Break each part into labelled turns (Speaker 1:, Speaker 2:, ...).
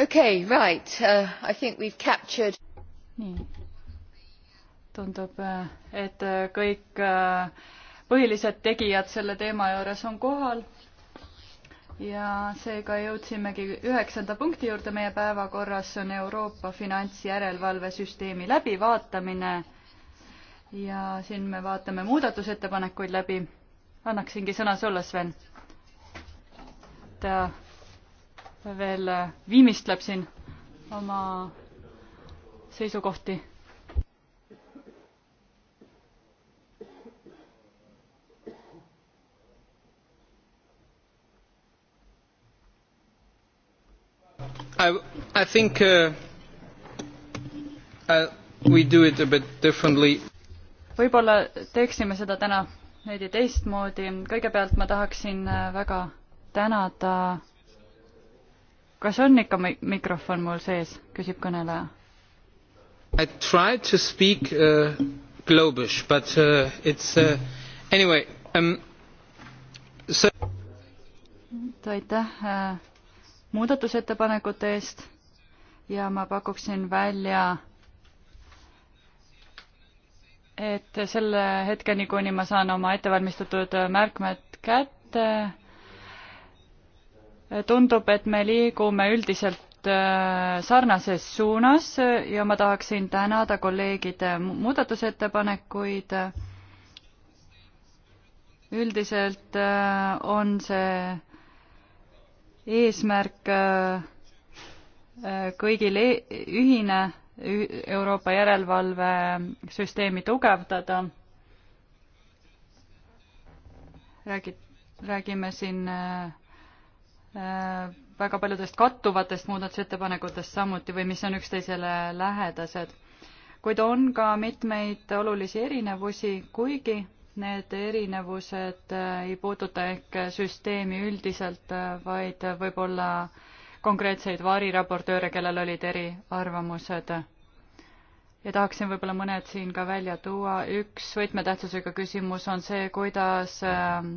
Speaker 1: Okay, right. uh, I think we've captured. nii. tundub, äh,
Speaker 2: et äh, kõik äh, põhilised tegijad selle teema juures on kohal. ja seega jõudsimegi üheksanda punkti juurde meie päevakorras, see on Euroopa finantsjärelevalvesüsteemi läbivaatamine. ja siin me vaatame muudatusettepanekuid läbi. annaksingi sõna sulle, Sven. et veel äh, viimistleb siin oma seisukohti.
Speaker 1: I, I think uh, uh, we do it a bit differently.
Speaker 2: võib-olla teeksime seda täna veidi teistmoodi. kõigepealt ma tahaksin äh, väga tänada kas on ikka mikrofon mul sees, küsib kõneleja.
Speaker 1: I tried to speak uh, globish but uh, it's uh, anyway um, so
Speaker 2: aitäh äh, muudatusettepanekute eest ja ma pakuksin välja et selle hetkeni, kuni ma saan oma ettevalmistatud märkmed kätte, tundub, et me liigume üldiselt äh, sarnases suunas ja ma tahaksin tänada kolleegide muudatusettepanekuid. üldiselt äh, on see eesmärk äh, kõigil e-, ühine Euroopa järelevalvesüsteemi tugevdada. räägid, räägime siin äh, väga paljudest kattuvatest muudatusettepanekutest samuti või mis on üksteisele lähedased. kuid on ka mitmeid olulisi erinevusi, kuigi need erinevused ei puuduta ehk süsteemi üldiselt, vaid võib-olla konkreetseid variraportööre, kellel olid eriarvamused ja tahaksin võib-olla mõned siin ka välja tuua. üks võtmetähtsusega küsimus on see, kuidas ähm,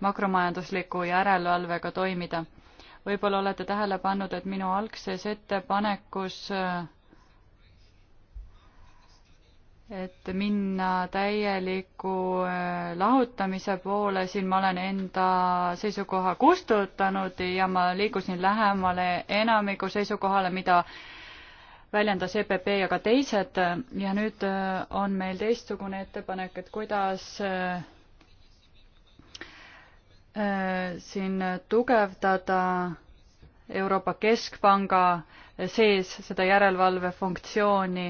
Speaker 2: makromajandusliku järelevalvega toimida. võib-olla olete tähele pannud, et minu algses ettepanekus äh, et minna täieliku äh, lahutamise poole, siin ma olen enda seisukoha kustutanud ja ma liigusin lähemale enamiku seisukohale, mida äh, väljendas EPP ja ka teised ja nüüd äh, on meil teistsugune ettepanek, et kuidas äh, äh, siin tugevdada Euroopa Keskpanga sees seda järelevalve funktsiooni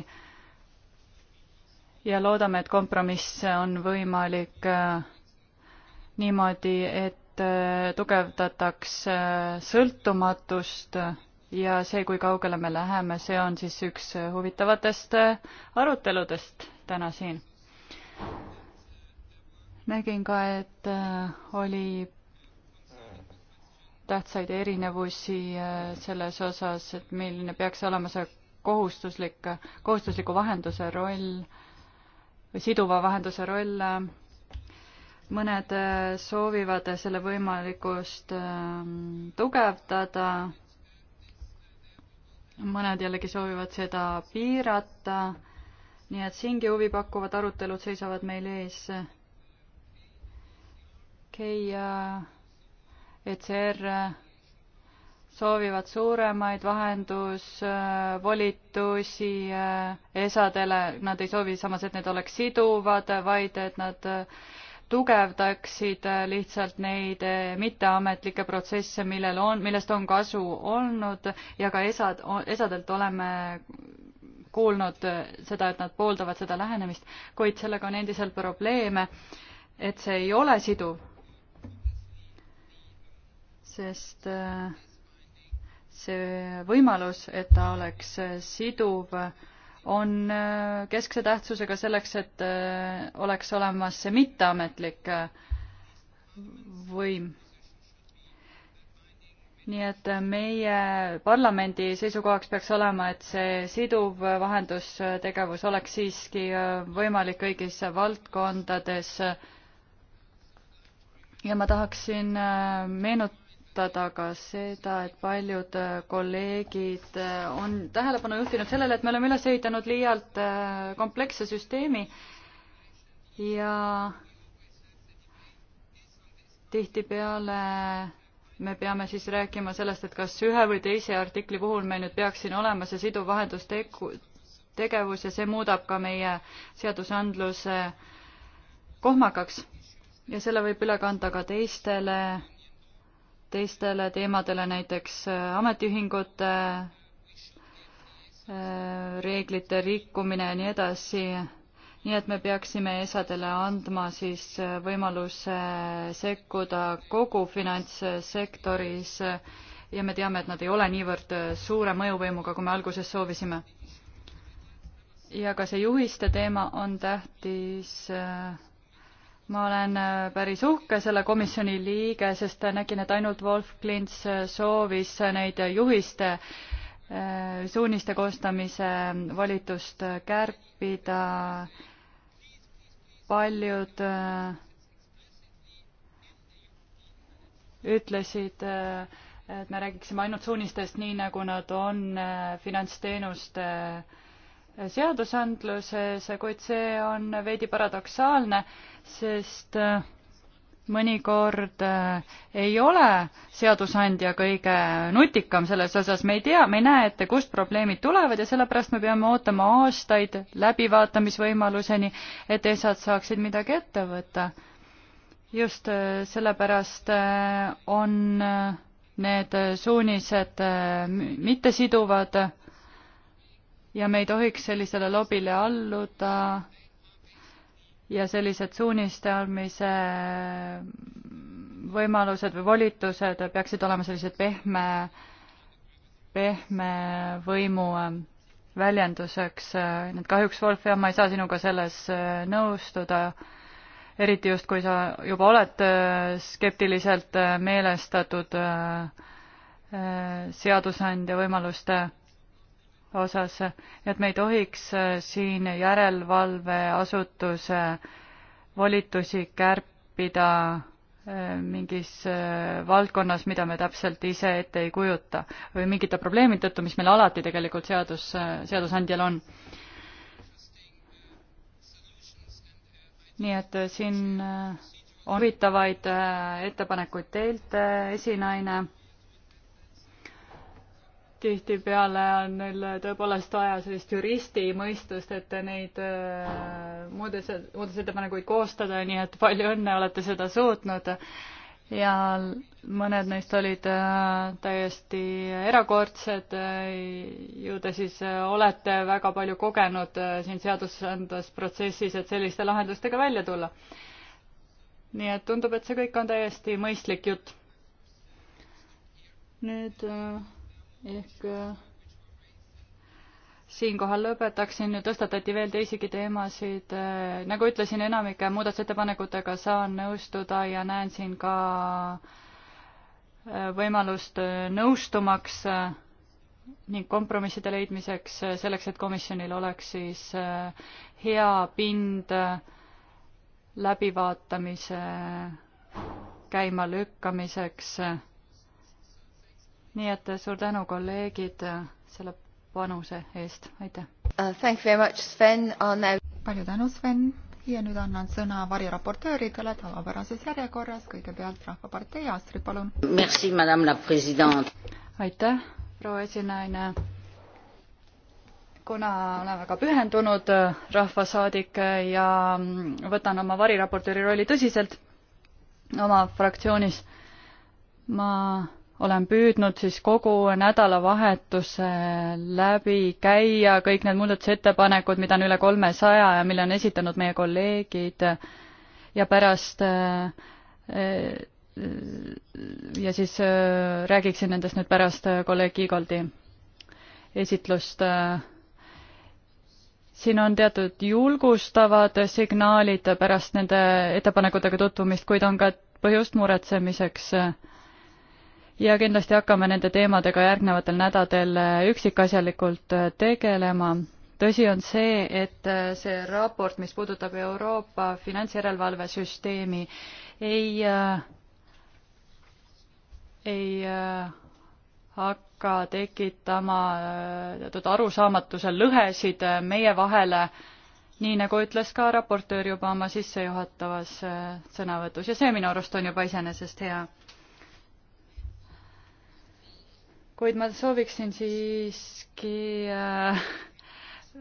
Speaker 2: ja loodame, et kompromiss on võimalik niimoodi, et tugevdataks sõltumatust ja see, kui kaugele me läheme, see on siis üks huvitavatest aruteludest täna siin. nägin ka, et äh, oli tähtsaid erinevusi äh, selles osas, et milline peaks olema see kohustuslik, kohustusliku vahenduse roll või siduva vahenduse roll. mõned äh, soovivad selle võimalikkust tugevdada mõned jällegi soovivad seda piirata, nii et siingi huvipakkuvad arutelud seisavad meil ees. Keia, ECR soovivad suuremaid vahendusvolitusi esadele, nad ei soovi samas, et need oleks siduvad, vaid et nad äh, tugevdaksid äh, lihtsalt neid äh, mitteametlikke protsesse, millel on, millest on kasu olnud ja ka esad, esadelt oleme kuulnud äh, seda, et nad pooldavad seda lähenemist, kuid sellega on endiselt probleeme, et see ei ole siduv. sest see võimalus, et ta oleks siduv, on äh, keskse tähtsusega selleks, et äh, oleks olemas see mitteametlik äh, võim. nii et meie parlamendi seisukohaks peaks olema, et see siduv vahendustegevus oleks siiski võimalik kõigis valdkondades. ja ma tahaksin meenutada, rõhutada ka seda, et paljud äh, kolleegid äh, on tähelepanu juhtinud sellele, et me oleme üles ehitanud liialt äh, kompleksse süsteemi ja tihtipeale me peame siis rääkima sellest, et kas ühe või teise artikli puhul meil nüüd peaks siin olema see siduv vahendusteku-, tegevus ja see muudab ka meie seadusandluse kohmakaks ja selle võib üle kanda ka teistele teistele teemadele, näiteks äh, ametiühingute äh, reeglite rikkumine ja nii edasi. nii et me peaksime ESA-dele andma siis äh, võimaluse sekkuda kogu finantssektoris ja me teame, et nad ei ole niivõrd suure mõjuvõimuga, kui me alguses soovisime. ja ka see juhiste teema on tähtis äh, ma olen äh, päris uhke selle komisjoni liige, sest nägin, et ainult Wolf Klints äh, soovis äh, neid juhiste, suuniste koostamise volitust kärpida. paljud ütlesid, et me räägiksime ainult suunistest, nii nagu nad on finantsteenuste äh, seadusandluses, kuid see on veidi paradoksaalne, sest äh, mõnikord äh, ei ole seadusandja kõige nutikam selles osas, me ei tea, me ei näe ette, kust probleemid tulevad ja sellepärast me peame ootama aastaid läbivaatamisvõimaluseni, et ESA-d saaksid midagi ette võtta. just äh, sellepärast on need suunised mittesiduvad ja me ei tohiks sellisele lobile alluda ja sellised suuniste andmise võimalused või volitused peaksid olema sellised pehme, pehme võimu väljenduseks, nii et kahjuks, Wolf, jah, ma ei saa sinuga selles nõustuda, eriti just, kui sa juba oled skeptiliselt meelestatud seadusandja võimaluste osas, et me ei tohiks äh, siin järelevalveasutuse volitusi kärpida äh, mingis äh, valdkonnas, mida me täpselt ise ette ei kujuta või mingite probleemide tõttu, mis meil alati tegelikult seadus, seadusandjal on. nii et siin on huvitavaid ettepanekuid teilt, esinaine tihtipeale on neil tõepoolest vaja sellist juristi mõistust, et neid äh, muudes, muudatusettepanekuid koostada, nii et palju õnne, olete seda suutnud. ja mõned neist olid äh, täiesti erakordsed, äh, ju te siis olete väga palju kogenud siin seadusandlas protsessis, et selliste lahendustega välja tulla. nii et tundub, et see kõik on täiesti mõistlik jutt. nüüd äh, ehk äh, siinkohal lõpetaksin, tõstatati veel teisigi teemasid, äh, nagu ütlesin, enamike muudatusettepanekutega saan nõustuda ja näen siin ka äh, võimalust nõustumaks ning kompromisside leidmiseks, selleks et komisjonil oleks siis hea pind läbivaatamise käimalükkamiseks nii et suur tänu, kolleegid, selle panuse eest,
Speaker 1: aitäh uh,! Thank you very much, Sven, on now
Speaker 3: palju tänu, Sven! ja nüüd annan sõna variraportööridele tavapärases järjekorras, kõigepealt Rahvapartei Astrid, palun!
Speaker 2: aitäh, proua esinaine! kuna olen väga pühendunud rahvasaadik ja võtan oma variraportööri rolli tõsiselt oma fraktsioonis, ma olen püüdnud siis kogu nädalavahetuse läbi käia kõik need muudatusettepanekud, mida on üle kolmesaja ja mille on esitanud meie kolleegid ja pärast äh, äh, ja siis äh, räägiksin nendest nüüd pärast kolleeg Igoldi esitlust. siin on teatud julgustavad signaalid pärast nende ettepanekutega tutvumist, kuid on ka põhjust muretsemiseks ja kindlasti hakkame nende teemadega järgnevatel nädalatel äh, üksikasjalikult äh, tegelema. tõsi on see, et äh, see raport, mis puudutab Euroopa finantsjärelevalvesüsteemi, ei, ei hakka tekitama teatud arusaamatuse lõhesid meie vahele nii nagu ütles ka raportöör juba oma sissejuhatavas sõnavõtus ja see minu arust on juba iseenesest hea. kuid ma sooviksin siiski äh,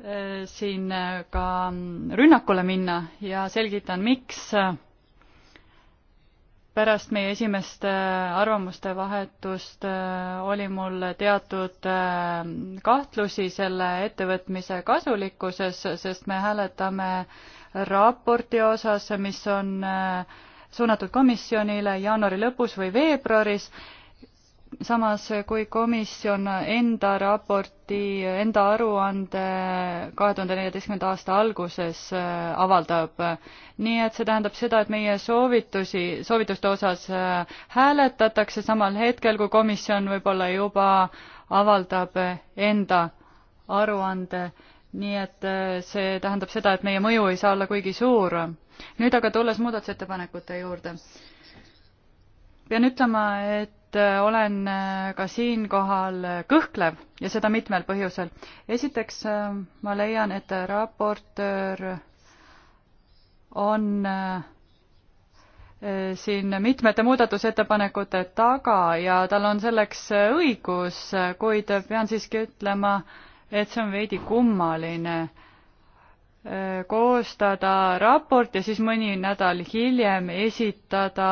Speaker 2: äh siin äh, ka rünnakule minna ja selgitan, miks äh, pärast meie esimest arvamuste vahetust oli mul teatud kahtlusi selle ettevõtmise kasulikkuses, sest me hääletame raporti osas, mis on suunatud komisjonile jaanuari lõpus või veebruaris samas kui komisjon enda raporti, enda aruande kahe tuhande neljateistkümnenda aasta alguses äh, avaldab. nii et see tähendab seda, et meie soovitusi, soovituste osas äh, hääletatakse samal hetkel, kui komisjon võib-olla juba avaldab enda aruande nii et äh, see tähendab seda, et meie mõju ei saa olla kuigi suur. nüüd aga tulles muudatusettepanekute juurde. pean ütlema, et et äh, olen äh, ka siinkohal äh, kõhklev ja seda mitmel põhjusel. esiteks ma leian, et raportöör on siin mitmete muudatusettepanekute taga ja tal on selleks õigus, kuid pean siiski ütlema, et see on veidi kummaline koostada raport ja siis mõni nädal hiljem esitada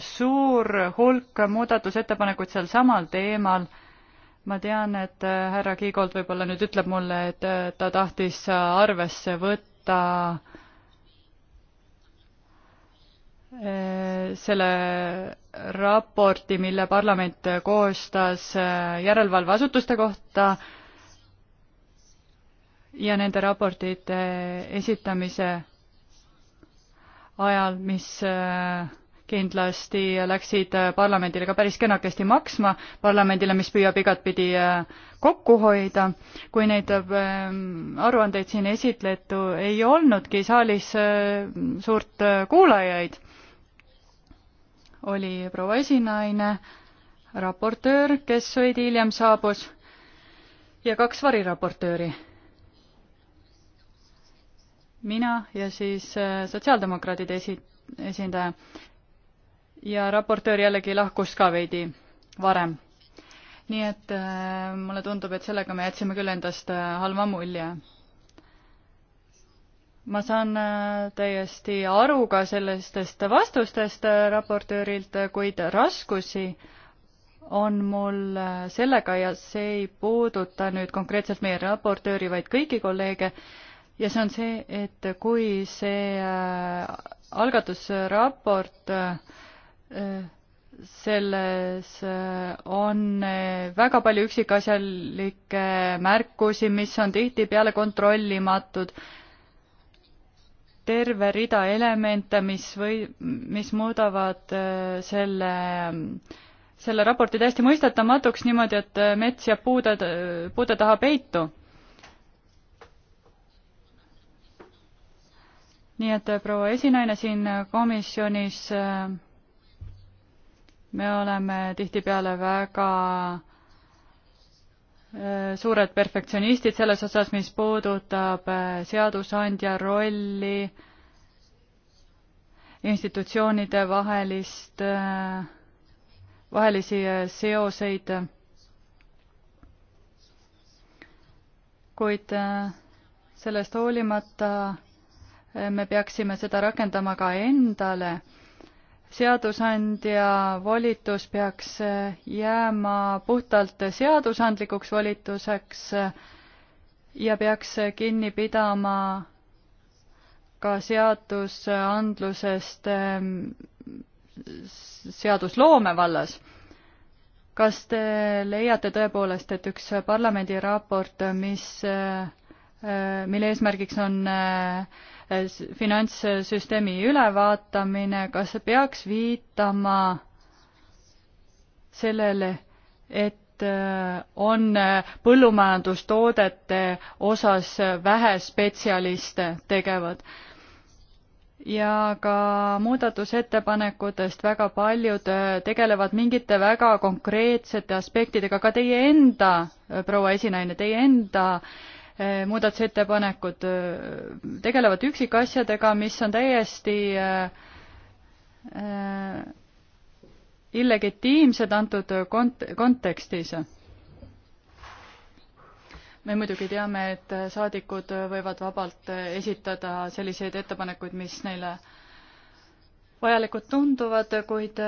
Speaker 2: suur hulk muudatusettepanekuid sealsamal teemal. ma tean, et äh, härra Kiigolt võib-olla nüüd ütleb mulle, et äh, ta tahtis arvesse võtta äh, selle raporti, mille parlament koostas järelevalveasutuste kohta ja nende raportite esitamise ajal, mis äh, kindlasti läksid äh, parlamendile ka päris kenakesti maksma, parlamendile, mis püüab igatpidi äh, kokku hoida. kui neid aruandeid siin esitletu ei olnudki saalis suurt kuulajaid, oli proua esinaine, raportöör, kes veidi hiljem saabus, ja kaks variraportööri mina ja siis äh, sotsiaaldemokraadide esi-, esindaja. ja raportöör jällegi lahkus ka veidi varem. nii et äh, mulle tundub, et sellega me jätsime küll endast äh, halva mulje. ma saan äh, täiesti aru ka sellistest vastustest äh, raportöörilt, äh, kuid raskusi on mul äh, sellega ja see ei puuduta nüüd konkreetselt meie raportööri, vaid kõiki kolleege äh,, ja see on see, et kui see äh, algatusraport äh, selles äh, on väga palju üksikasjalikke märkusi, mis on tihtipeale kontrollimatud, terve rida elemente, mis või, mis muudavad selle, selle raporti täiesti mõistetamatuks niimoodi, et mets jääb puude, puude taha peitu nii et äh, proua esinaine siin äh, komisjonis, äh, me oleme tihtipeale väga suured perfektsionistid selles osas, mis puudutab seadusandja rolli, institutsioonide vahelist, vahelisi seoseid. kuid sellest hoolimata me peaksime seda rakendama ka endale. seadusandja volitus peaks jääma puhtalt seadusandlikuks volituseks ja peaks kinni pidama ka seadusandlusest ehm, seadusloome vallas. kas te leiate tõepoolest, et üks parlamendi raport, mis, ehm, mille eesmärgiks on äh, finantssüsteemi ülevaatamine, kas see peaks viitama sellele, et äh, on äh, põllumajandustoodete osas vähe spetsialiste tegevad. ja ka muudatusettepanekutest väga paljud äh, tegelevad mingite väga konkreetsete aspektidega, ka teie enda, proua esinaine, teie enda äh, Äh, muudatusettepanekud äh, tegelevad üksikasjadega, mis on täiesti äh, illegitiimsed antud kont-, kontekstis. me muidugi teame, et saadikud võivad vabalt esitada selliseid ettepanekuid, mis neile vajalikud tunduvad, kuid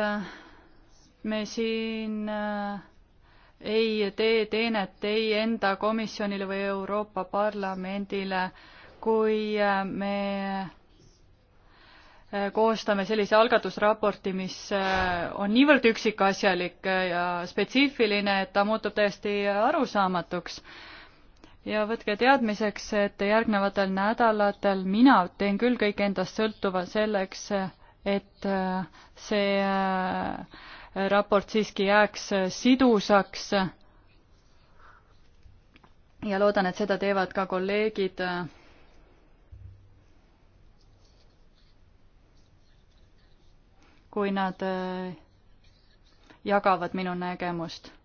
Speaker 2: me siin äh, ei tee teenet ei enda komisjonile või Euroopa Parlamendile, kui äh, me äh, koostame sellise algatusraporti, mis äh, on niivõrd üksikasjalik ja spetsiifiline, et ta muutub täiesti arusaamatuks. ja võtke teadmiseks, et järgnevatel nädalatel mina teen küll kõik endast sõltuva selleks, et see raport siiski jääks äh, sidusaks. ja loodan, et seda teevad ka kolleegid. Äh, kui nad äh, jagavad minu nägemust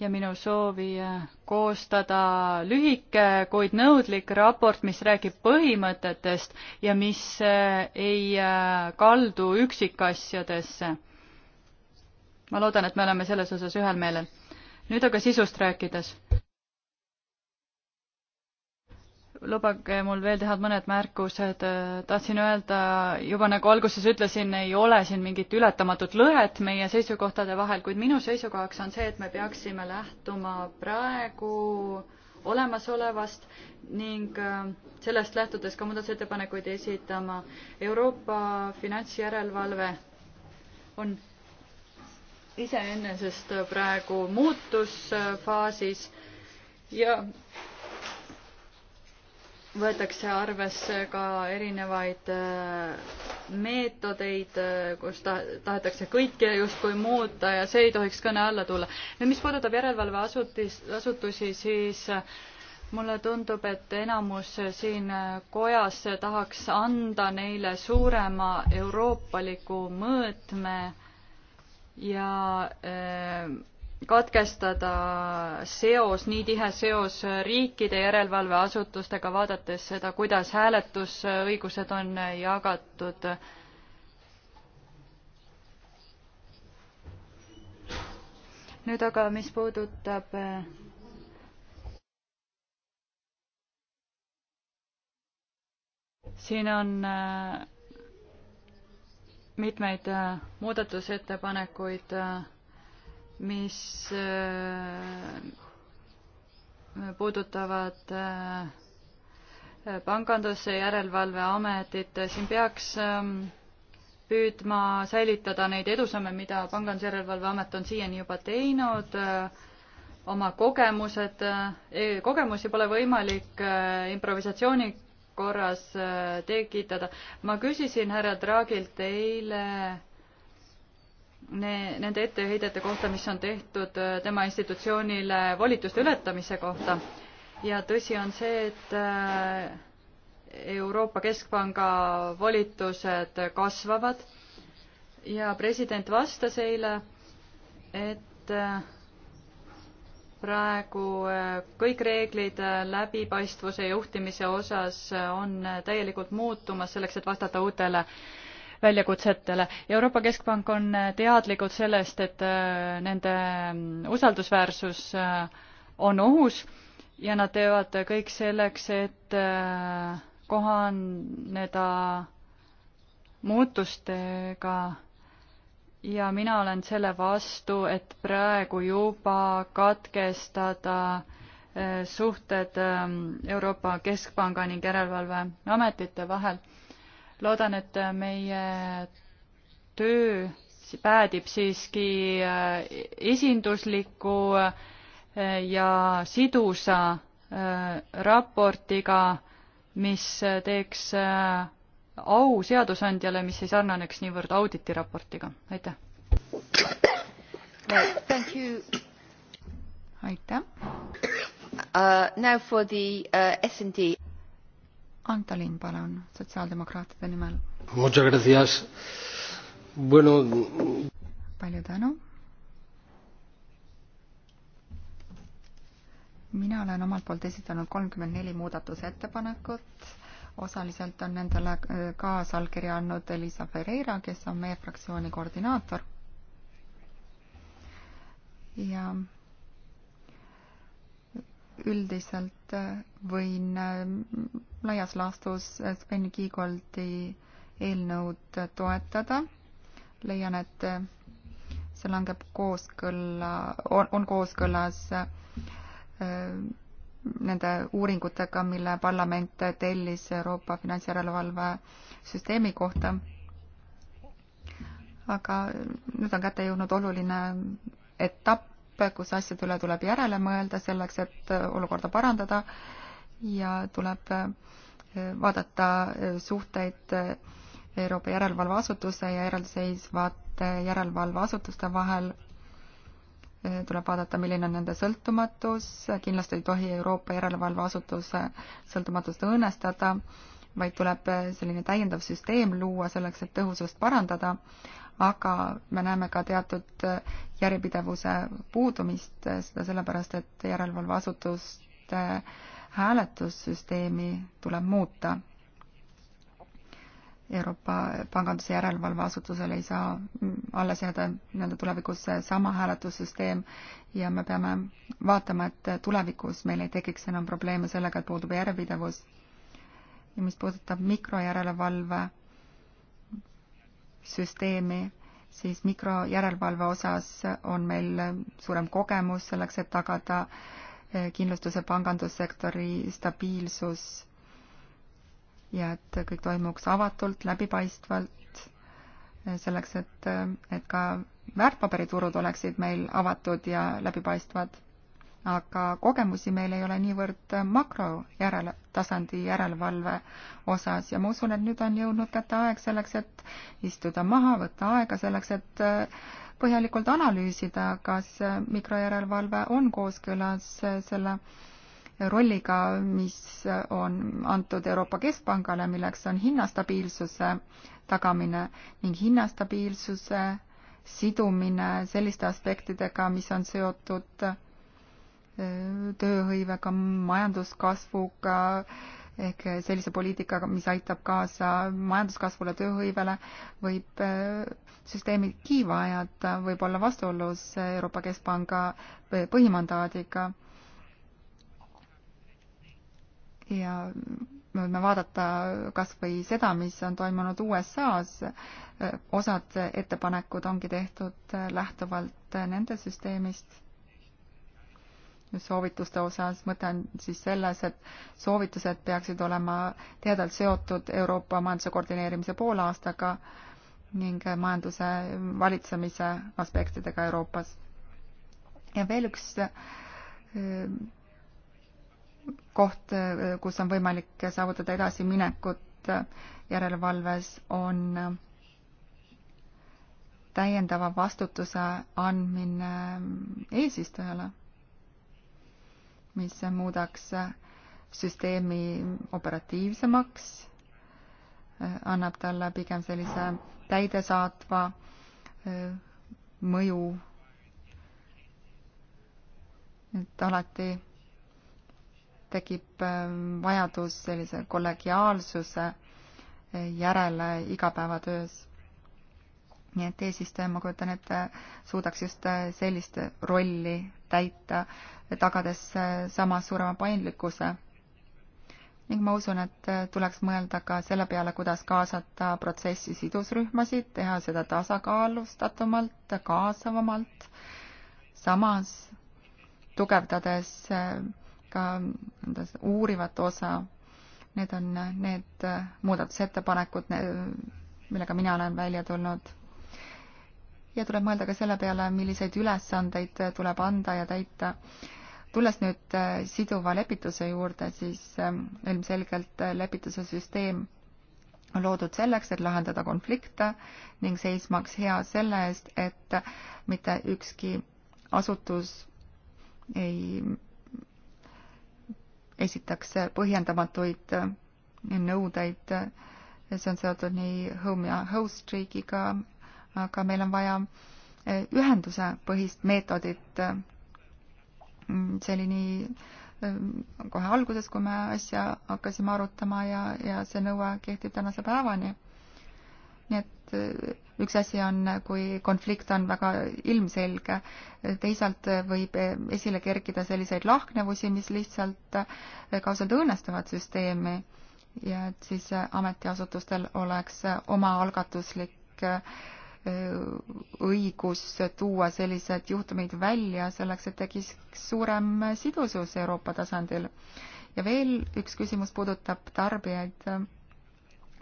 Speaker 2: ja minu soovi äh, koostada lühike, kuid nõudlik raport, mis räägib põhimõtetest ja mis äh, ei äh, kaldu üksikasjadesse. ma loodan, et me oleme selles osas ühel meelel. nüüd aga sisust rääkides lubage mul veel teha mõned märkused. tahtsin öelda, juba nagu alguses ütlesin, ei ole siin mingit ületamatut lõhet meie seisukohtade vahel, kuid minu seisukohaks on see, et me peaksime lähtuma praegu olemasolevast ning äh, sellest lähtudes ka muudatusettepanekuid esitama. Euroopa finantsjärelevalve on iseenesest praegu muutusfaasis ja võetakse arvesse ka erinevaid äh, meetodeid, äh, kus ta, tahetakse kõike justkui muuta ja see ei tohiks kõne alla tulla. nüüd, mis puudutab järelevalveasutis, asutusi, siis äh, mulle tundub, et enamus siin kojas tahaks anda neile suurema euroopaliku mõõtme ja öö, katkestada seos, nii tihe seos riikide järelevalveasutustega, vaadates seda, kuidas hääletusõigused on jagatud. nüüd aga, mis puudutab siin on äh, mitmeid äh, muudatusettepanekuid äh, mis äh, puudutavad äh, panganduse järelevalveametit, siin peaks ähm, püüdma säilitada neid edusamme, mida Panganduse Järelevalveamet on siiani juba teinud, äh, oma kogemused, e-, kogemusi pole võimalik improvisatsiooni korras tekitada. ma küsisin härra Draagilt eile ne, nende etteheidete kohta, mis on tehtud äh, tema institutsioonile volituste ületamise kohta. ja tõsi on see, et äh, Euroopa Keskpanga volitused kasvavad ja president vastas eile, et äh, praegu kõik reeglid läbipaistvuse juhtimise osas on täielikult muutumas selleks, et vastata uutele väljakutsetele. Euroopa Keskpank on äh, teadlikud sellest, et äh, nende mm, usaldusväärsus äh, on ohus ja nad teevad kõik selleks, et kohaneda muutustega ja mina olen selle vastu, et praegu juba katkestada suhted ähm, Euroopa Keskpanga ning Järelevalveametite vahel loodan, et meie töö päädib siiski äh, esindusliku äh, ja sidusa äh, raportiga, mis teeks au seadusandjale, mis ei sarnaneks niivõrd auditi
Speaker 1: raportiga. aitäh! aitäh uh,! Now for the uh, S&D
Speaker 3: Antolin, palun, sotsiaaldemokraatide nimel. Bueno... palju tänu. mina olen omalt poolt esitanud kolmkümmend neli muudatusettepanekut. osaliselt on nendele äh, kaasallkirja andnud Elisa Ferreira, kes on meie fraktsiooni koordinaator. ja üldiselt äh, võin äh, laias laastus äh, Sven Kiigoldi eelnõud toetada. leian, et see langeb kooskõlla, on kooskõlas nende uuringutega, mille parlament tellis Euroopa finantsjärelevalve süsteemi kohta. aga nüüd on kätte jõudnud oluline etapp, kus asjade üle tuleb järele mõelda selleks, et äh, olukorda parandada ja tuleb äh, vaadata äh, suhteid Euroopa järelevalveasutuse ja eraldiseisvate järelevalveasutuste vahel. tuleb vaadata, milline on nende sõltumatus, kindlasti ei tohi Euroopa järelevalveasutuse sõltumatust õõnestada, vaid tuleb selline täiendav süsteem luua selleks, et tõhusust parandada, aga me näeme ka teatud äh, järjepidevuse puudumist, äh, seda sellepärast, et järelevalveasutuste hääletussüsteemi tuleb muuta. Euroopa Panganduse Järelevalveasutusel ei saa mm, alles jääda nii-öelda tulevikus sama hääletussüsteem ja me peame vaatama, et tulevikus meil ei tekiks enam probleeme sellega, et puudub järjepidevus ja mis puudutab mikrojärelevalve süsteemi, siis mikrojärelevalve osas on meil suurem kogemus selleks, et tagada eh, kindlustuse pangandussektori stabiilsus ja et kõik toimuks avatult, läbipaistvalt, eh, selleks et, eh, et ka väärtpaberiturud oleksid meil avatud ja läbipaistvad aga kogemusi meil ei ole niivõrd makro järele, tasandi järelevalve osas ja ma usun, et nüüd on jõudnud kätte aeg selleks, et istuda maha, võtta aega selleks, et äh, põhjalikult analüüsida, kas äh, mikrojärelevalve on kooskõlas äh, selle rolliga, mis on antud Euroopa Keskpangale, milleks on hinnastabiilsuse tagamine ning hinnastabiilsuse sidumine selliste aspektidega, mis on seotud tööhõivega, majanduskasvuga ehk sellise poliitikaga, mis aitab kaasa majanduskasvule, tööhõivele, võib äh, süsteemid kiiva ajada, võib olla vastuolus Euroopa Keskpanga äh, põhimandaadiga. ja me võime vaadata kas või seda, mis on toimunud USA-s, osad ettepanekud ongi tehtud lähtuvalt nende süsteemist soovituste osas, mõte on siis selles, et soovitused peaksid olema teadvalt seotud Euroopa majanduse koordineerimise poolaastaga ning majanduse valitsemise aspektidega Euroopas. ja veel üks eh, koht, eh, kus on võimalik saavutada edasiminekut eh, järelevalves, on täiendava vastutuse andmine eesistujale mis muudaks süsteemi operatiivsemaks, annab talle pigem sellise täidesaatva äh, mõju. et alati tekib äh, vajadus sellise kollegiaalsuse äh, järele igapäevatöös. nii et eesistuja, ma kujutan ette, suudaks just sellist rolli täita tagades äh, samas suurema paindlikkuse. ning ma usun, et äh, tuleks mõelda ka selle peale, kuidas kaasata protsessi sidusrühmasid, teha seda tasakaalustatumalt, kaasavamalt, samas tugevdades äh, ka uurivat osa. Need on need muudatusettepanekud, millega mina olen välja tulnud ja tuleb mõelda ka selle peale, milliseid ülesandeid tuleb anda ja täita. tulles nüüd äh, siduva lepituse juurde, siis ähm, ilmselgelt äh, lepituse süsteem on loodud selleks, et lahendada konflikte ning seismaks hea selle eest, et mitte ükski asutus ei esitaks põhjendamatuid äh, nõudeid. see on seotud nii home ja host riigiga, aga meil on vaja eh, ühenduse põhist meetodit. see oli nii eh, kohe alguses, kui me asja hakkasime arutama ja, ja see nõue kehtib tänase päevani. nii et eh, üks asi on, kui konflikt on väga ilmselge, teisalt võib esile kerkida selliseid lahknevusi, mis lihtsalt kausalt õõnestavad süsteemi ja et siis ametiasutustel oleks omaalgatuslik äh, õigus tuua sellised juhtumid välja selleks, et tekiks suurem sidusus Euroopa tasandil. ja veel üks küsimus puudutab tarbijaid,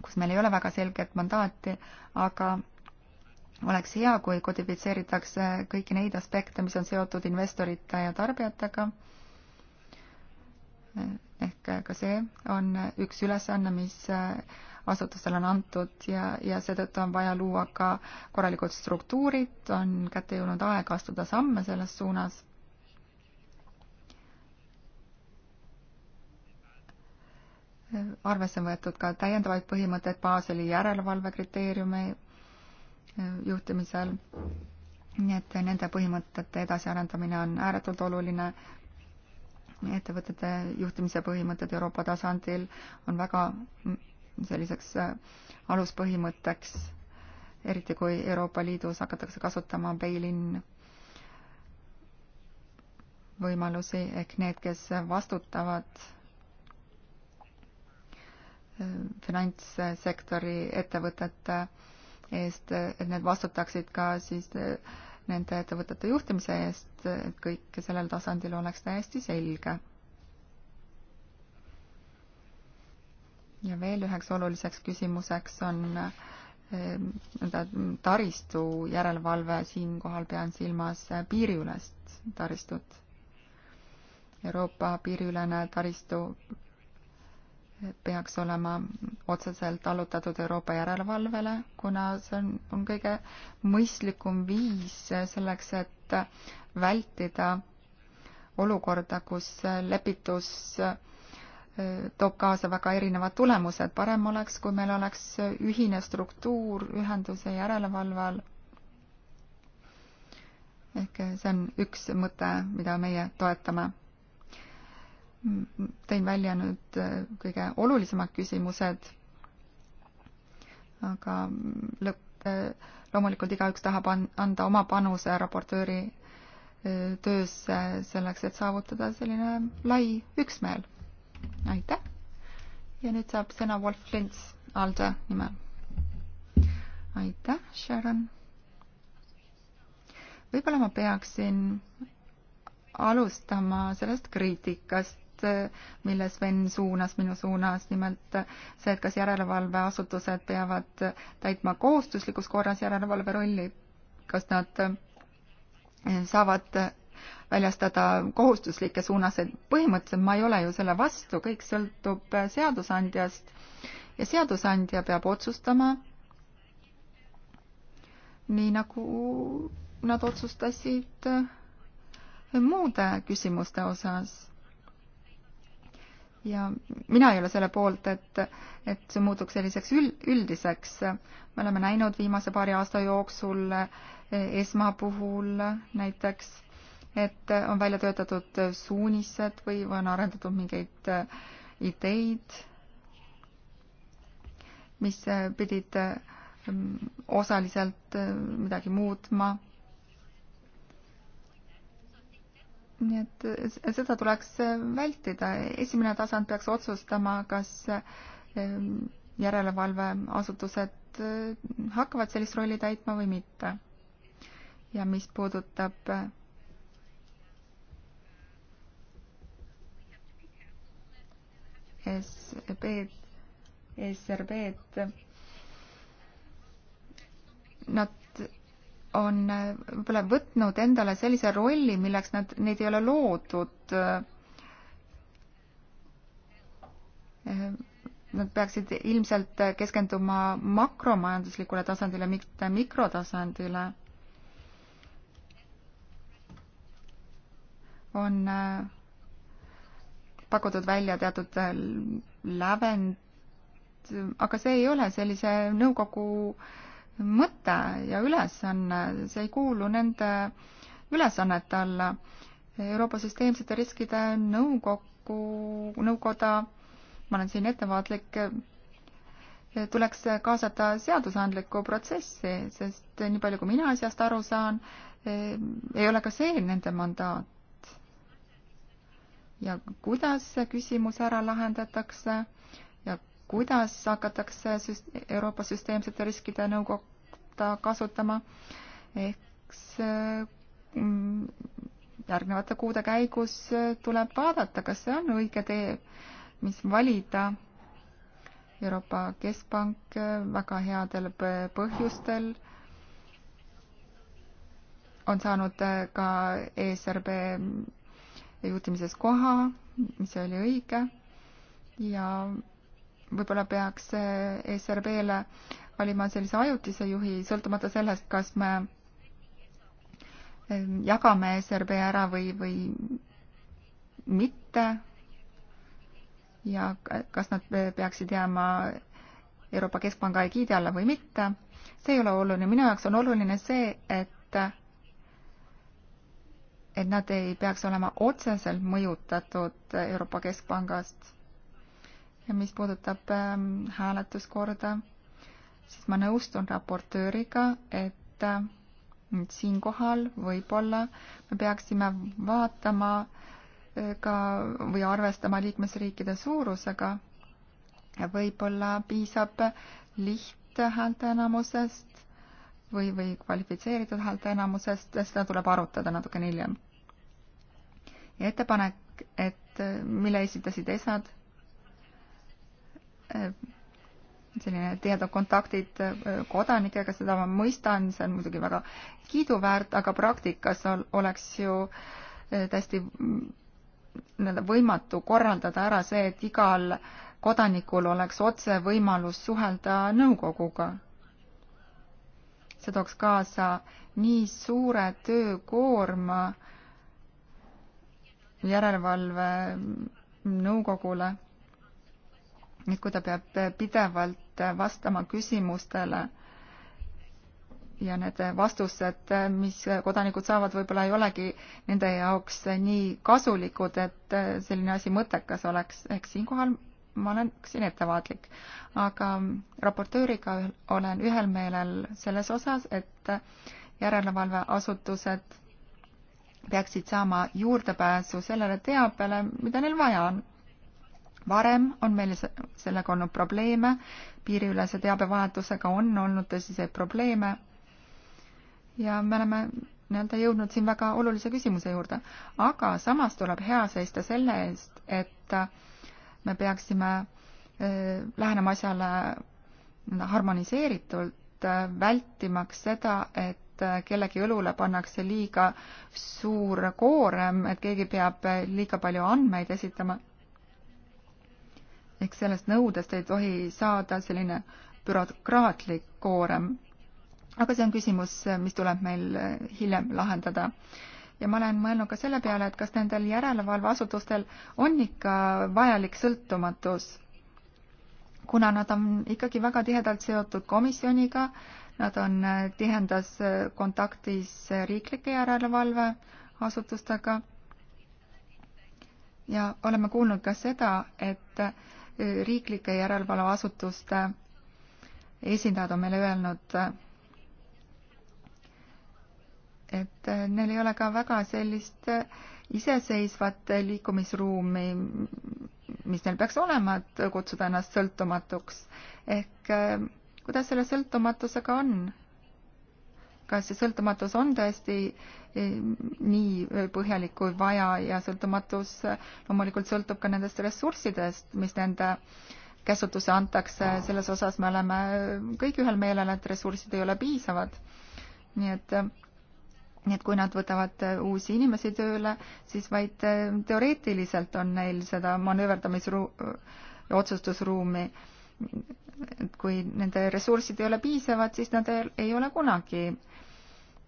Speaker 3: kus meil ei ole väga selget mandaati, aga oleks hea, kui kodifitseeritakse kõiki neid aspekte, mis on seotud investorite ja tarbijatega. ehk ka see on üks ülesanne, mis asutustele on antud ja, ja seetõttu on vaja luua ka korralikud struktuurid, on kätte jõudnud aeg astuda samme selles suunas. arvesse on võetud ka täiendavaid põhimõtteid Baseli järelevalve kriteeriumi eh, juhtimisel. nii et nende põhimõtete edasiarendamine on ääretult oluline, ettevõtete juhtimise põhimõtted Euroopa tasandil on väga selliseks äh, aluspõhimõtteks, eriti kui Euroopa Liidus hakatakse kasutama bail-in võimalusi ehk need, kes vastutavad äh, finantssektori ettevõtete eest, et need vastutaksid ka siis äh, nende ettevõtete juhtimise eest, et kõik sellel tasandil oleks täiesti selge ja veel üheks oluliseks küsimuseks on eh, nii-öelda taristu järelevalve, siinkohal pean silmas eh, piiriülest taristut. Euroopa piiriülene taristu eh, peaks olema otseselt allutatud Euroopa järelevalvele, kuna see on, on kõige mõistlikum viis selleks, et vältida olukorda, kus lepitus äh, toob kaasa väga erinevad tulemused. parem oleks, kui meil oleks ühine struktuur ühenduse järelevalve all. ehk see on üks mõte, mida meie toetame. tõin välja nüüd kõige olulisemad küsimused, aga lõpp, loomulikult igaüks tahab an-, anda oma panuse raportööri töösse selleks, et saavutada selline lai üksmeel aitäh. ja nüüd saab sõna Wolf Klints Alde nimel. aitäh, Sharon. võib-olla ma peaksin alustama sellest kriitikast, mille Sven suunas minu suunas, nimelt see, et kas järelevalveasutused peavad täitma kohustuslikus korras järelevalve rolli, kas nad saavad väljastada kohustuslikke suunaseid. põhimõtteliselt ma ei ole ju selle vastu, kõik sõltub seadusandjast ja seadusandja peab otsustama nii, nagu nad otsustasid äh, muude küsimuste osas. ja mina ei ole selle poolt, et, et see muutuks selliseks üld, üldiseks. me oleme näinud viimase paari aasta jooksul äh, esma puhul näiteks et on välja töötatud suunised või on arendatud mingeid äh, ideid, mis äh, pidid äh, osaliselt midagi muutma. nii et seda tuleks vältida. esimene tasand peaks otsustama, kas järelevalveasutused hakkavad sellist rolli täitma või mitte. ja mis puudutab SEB-d, SRB-d. Nad on võib-olla võtnud endale sellise rolli, milleks nad, neid ei ole loodud. Nad peaksid ilmselt keskenduma makromajanduslikule tasandile, mitte mikrotasandile. on äh, pakutud välja teatud äh, lävend, aga see ei ole sellise nõukogu mõte ja ülesanne, see ei kuulu nende ülesannete alla. Euroopa Süsteemsete Riskide Nõukogu, nõukoda, ma olen siin ettevaatlik, tuleks kaasata seadusandlikku protsessi, sest nii palju, kui mina asjast aru saan, ei ole ka see nende mandaat ja kuidas see küsimus ära lahendatakse ja kuidas hakatakse süst Euroopa süsteemsete riskide nõukoguda kasutama. ehk see mm, järgnevate kuude käigus tuleb vaadata, kas see on õige tee, mis valida. Euroopa Keskpank eh, väga headel põhjustel on saanud eh, ka ESRB juhtimises koha, mis oli õige ja võib-olla peaks e SRB-le valima sellise ajutise juhi, sõltumata sellest, kas me jagame e SRB ära või, või mitte ja kas nad peaksid jääma Euroopa Keskpanga egiidi alla või mitte, see ei ole oluline. minu jaoks on oluline see, et et nad ei peaks olema otseselt mõjutatud Euroopa Keskpangast. ja mis puudutab ähm, hääletuskorda, siis ma nõustun raportööriga, et äh, siinkohal võib-olla me peaksime vaatama äh, ka või arvestama liikmesriikide suurusega. võib-olla piisab äh, lihthäälteenamusest või, või kvalifitseeritud häälteenamusest, seda tuleb arutada natukene hiljem. ja ettepanek, et mille esitasid esad, eh, selline tihedad kontaktid eh, kodanikega, seda ma mõistan, see on muidugi väga kiiduväärt, aga praktikas oleks ju eh, täiesti mm, nii-öelda võimatu korraldada ära see, et igal kodanikul oleks otse võimalus suhelda nõukoguga see tooks kaasa nii suure töökoorma järelevalve nõukogule, et kui ta peab pidevalt vastama küsimustele ja need vastused, mis kodanikud saavad, võib-olla ei olegi nende jaoks nii kasulikud, et selline asi mõttekas oleks, ehk siinkohal ma oleksin ettevaatlik. aga raportööriga olen ühel meelel selles osas, et järelevalveasutused peaksid saama juurdepääsu sellele teabele, mida neil vaja on. varem on meil sellega olnud probleeme, piiriülese teabevahetusega on olnud tõsiseid probleeme ja me oleme nii-öelda jõudnud siin väga olulise küsimuse juurde. aga samas tuleb hea seista selle eest, et me peaksime äh, lähenema asjale harmoniseeritult, äh, vältimaks seda, et äh, kellegi õlule pannakse liiga suur koorem, et keegi peab liiga palju andmeid esitama. ehk sellest nõudest ei tohi saada selline bürokraatlik koorem. aga see on küsimus, mis tuleb meil hiljem lahendada ja ma olen mõelnud ka selle peale, et kas nendel järelevalveasutustel on ikka vajalik sõltumatus, kuna nad on ikkagi väga tihedalt seotud komisjoniga, nad on tihendas kontaktis riiklike järelevalveasutustega ja oleme kuulnud ka seda, et riiklike järelevalveasutuste esindajad on meile öelnud, et äh, neil ei ole ka väga sellist äh, iseseisvat liikumisruumi, mis neil peaks olema, et kutsuda ennast sõltumatuks. ehk äh, kuidas selle sõltumatusega on? kas see sõltumatus on tõesti nii põhjalik kui vaja ja sõltumatus loomulikult sõltub ka nendest ressurssidest, mis nende käsutusse antakse, selles osas me oleme kõik ühel meelel, et ressursid ei ole piisavad. nii et nii et kui nad võtavad äh, uusi inimesi tööle, siis vaid äh, teoreetiliselt on neil seda manööverdamisruumi, äh, otsustusruumi. et kui nende ressursid ei ole piisavad, siis nad ei ole kunagi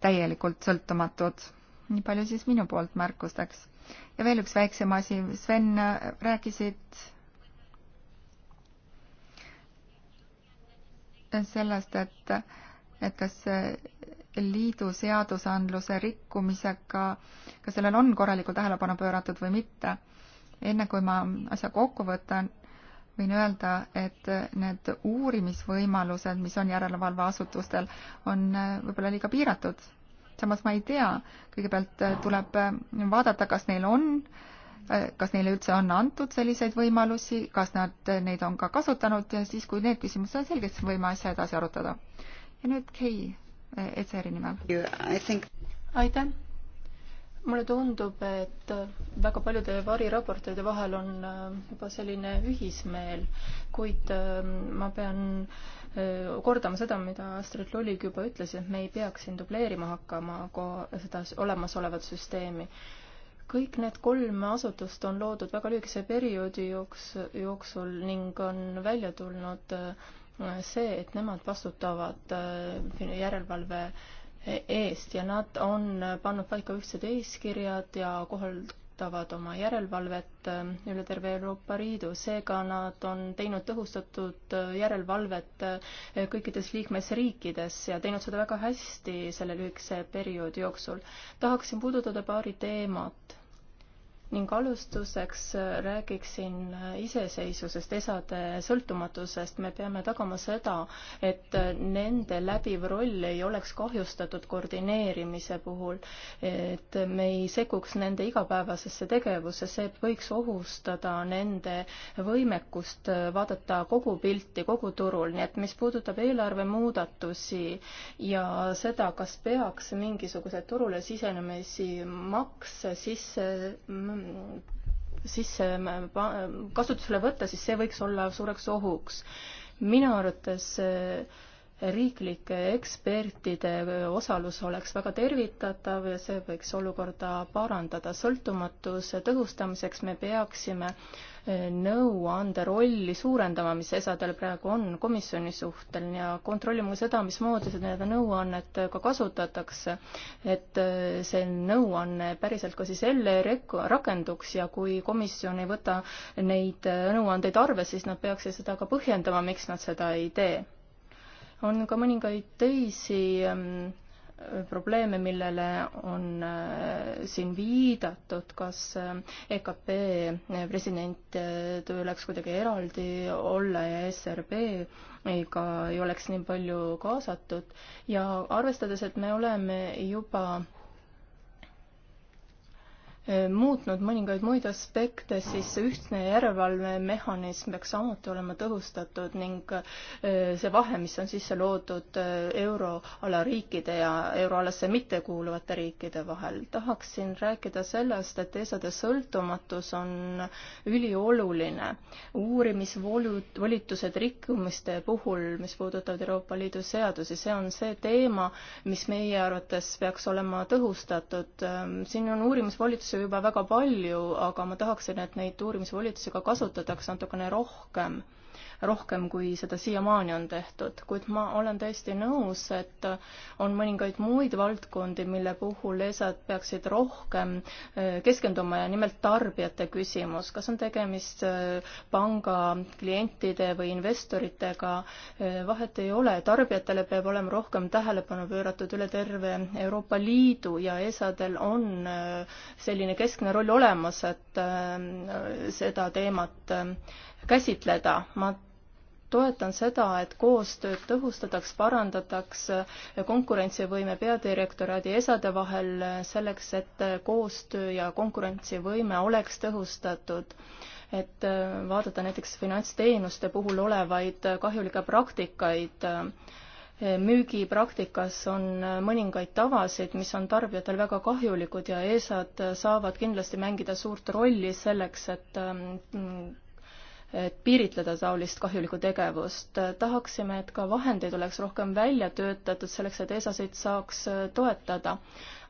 Speaker 3: täielikult sõltumatud. nii palju siis minu poolt märkusteks. ja veel üks väiksem asi, Sven, rääkisid sellest, et, et kas Liidu seadusandluse rikkumisega, ka sellele on korralikult tähelepanu pööratud või mitte. enne kui ma asja kokku võtan, võin öelda, et need uurimisvõimalused, mis on järelevalveasutustel, on äh, võib-olla liiga piiratud. samas ma ei tea, kõigepealt äh, tuleb äh, vaadata, kas neil on, kas neile üldse on antud selliseid võimalusi, kas nad neid on ka kasutanud ja siis, kui need küsimused on selged, siis võime asja edasi arutada. ja nüüd Kei ECR-i nimel.
Speaker 4: aitäh. mulle tundub, et väga paljude variraportööde vahel on äh, juba selline ühismeel, kuid ähm, ma pean äh, kordama seda, mida Astrid Lullig juba ütles, et me ei peaks siin dubleerima hakkama seda olemasolevat süsteemi kõik need kolm asutust on loodud väga lühikese perioodi jooks, jooksul ning on välja tulnud äh, see, et nemad vastutavad äh, järelevalve eest ja nad on pannud paika ühtsed eeskirjad ja kohaldavad oma järelevalvet äh, üle terve Euroopa Liidu, seega nad on teinud tõhustatud äh, järelevalvet kõikides liikmesriikides ja teinud seda väga hästi selle lühikese perioodi jooksul. tahaksin puudutada paari teemat ning alustuseks äh, räägiksin äh, iseseisvusest, esade sõltumatusest. me peame tagama seda, et äh, nende läbiv roll ei oleks kahjustatud koordineerimise puhul, et me ei sekkuks nende igapäevasesse tegevusse, see võiks ohustada nende võimekust vaadata kogu pilti kogu turul, nii et mis puudutab eelarve muudatusi ja seda, kas peaks mingisuguseid turule sisenemisi makse sisse sisse kasutusele võtta, siis see võiks olla suureks ohuks. minu arvates äh, riiklike ekspertide osalus oleks väga tervitatav ja see võiks olukorda parandada. sõltumatuse tõhustamiseks me peaksime eh, nõuande rolli suurendama, mis ESA-del praegu on komisjoni suhtel ja kontrollima seda, mismoodi seda nõuannet ka kasutatakse, et eh, see nõuanne päriselt ka siis jälle rakenduks ja kui komisjon ei võta neid eh, nõuandeid arvesse, siis nad peaksid seda ka põhjendama, miks nad seda ei tee on ka mõningaid teisi ähm, probleeme, millele on äh, siin viidatud, kas äh, EKP äh, president tuleks kuidagi eraldi olla ja SRB ega ei oleks nii palju kaasatud ja arvestades, et me oleme juba Äh, muutnud mõningaid muid aspekte, siis ühtne järelevalvemehhanism peaks samuti olema tõhustatud ning äh, see vahe, mis on sisse loodud äh, euroala riikide ja euroalasse mittekuuluvate riikide vahel. tahaksin rääkida sellest, et ESA-de sõltumatus on ülioluline. uurimisvolud, volitused rikkumiste puhul, mis puudutavad Euroopa Liidu seadusi, see on see teema, mis meie arvates peaks olema tõhustatud. siin on uurimisvolitused tehakse juba väga palju, aga ma tahaksin, et neid uurimisvolitusi ka kasutataks natukene rohkem rohkem, kui seda siiamaani on tehtud, kuid ma olen täiesti nõus, et on mõningaid muid valdkondi, mille puhul ESA-d peaksid rohkem äh, keskenduma ja nimelt tarbijate küsimus, kas on tegemist äh, panga klientide või investoritega, äh, vahet ei ole, tarbijatele peab olema rohkem tähelepanu pööratud üle terve Euroopa Liidu ja ESA-del on selline keskne roll olemas, et seda teemat käsitleda. ma toetan seda, et koostööd tõhustataks, parandataks konkurentsivõime peadirektoraadi esade vahel selleks, et koostöö ja konkurentsivõime oleks tõhustatud. et vaadata näiteks finantsteenuste puhul olevaid kahjulikke praktikaid, müügipraktikas on mõningaid tavasid, mis on tarbijatel väga kahjulikud ja ESA-d saavad kindlasti mängida suurt rolli selleks, et et piiritleda taolist kahjulikku tegevust. tahaksime, et ka vahendeid oleks rohkem välja töötatud selleks, et ESA-sid saaks äh, toetada.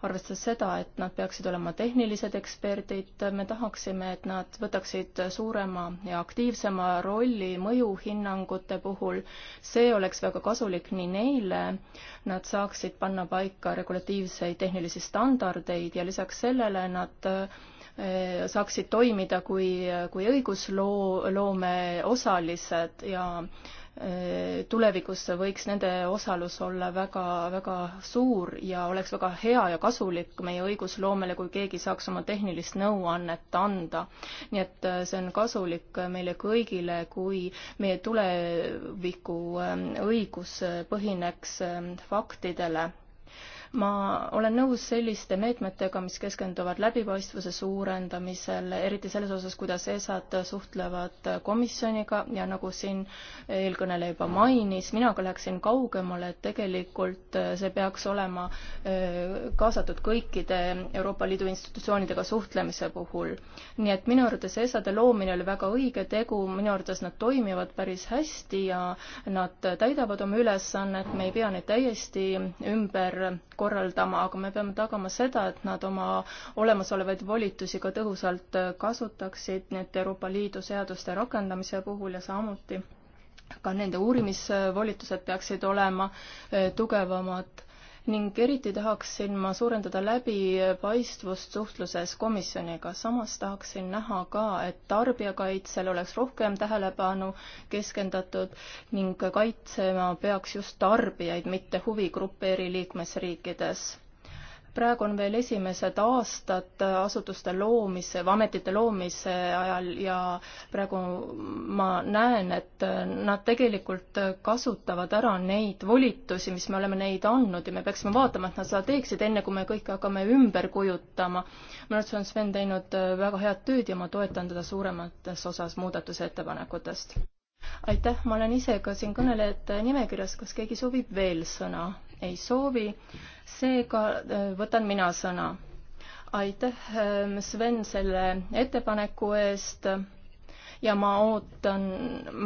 Speaker 4: arvestades seda, et nad peaksid olema tehnilised eksperdid, me tahaksime, et nad võtaksid suurema ja aktiivsema rolli mõjuhinnangute puhul. see oleks väga kasulik nii neile, nad saaksid panna paika regulatiivseid tehnilisi standardeid ja lisaks sellele nad äh, Eh, saaksid toimida kui, kui õigusloo, loome osalised ja eh, tulevikus võiks nende osalus olla väga, väga suur ja oleks väga hea ja kasulik meie õigusloomele, kui keegi saaks oma tehnilist nõuannet anda. nii et eh, see on kasulik meile kõigile, kui meie tuleviku õigus põhineks faktidele ma olen nõus selliste meetmetega, mis keskenduvad läbipaistvuse suurendamisel, eriti selles osas, kuidas ESA-d suhtlevad komisjoniga ja nagu siin eelkõneleja juba mainis, mina ka läheksin kaugemale, et tegelikult see peaks olema äh, kaasatud kõikide Euroopa Liidu institutsioonidega suhtlemise puhul. nii et minu arvates ESA-de loomine oli väga õige tegu, minu arvates nad toimivad päris hästi ja nad täidavad oma ülesannet, me ei pea neid täiesti ümber korraldama, aga me peame tagama seda, et nad oma olemasolevaid volitusi ka tõhusalt äh, kasutaksid, nii et Euroopa Liidu seaduste rakendamise puhul ja samuti ka nende uurimisvolitused peaksid olema äh, tugevamad ning eriti tahaksin ma suurendada läbipaistvust suhtluses komisjoniga. samas tahaksin näha ka, et tarbijakaitsel oleks rohkem tähelepanu keskendatud ning kaitsema peaks just tarbijaid, mitte huvigruppe eri liikmesriikides praegu on veel esimesed aastad asutuste loomise või ametite loomise ajal ja praegu ma näen, et nad tegelikult kasutavad ära neid volitusi, mis me oleme neid andnud ja me peaksime vaatama, et nad seda teeksid, enne kui me kõike hakkame ümber kujutama. minu arvates on Sven teinud väga head tööd ja ma toetan teda suuremates osas muudatusettepanekutest aitäh, ma olen ise ka siin kõnelejate nimekirjas, kas keegi soovib veel sõna? ei soovi, seega äh, võtan mina sõna. aitäh, ähm, Sven, selle ettepaneku eest ja ma ootan,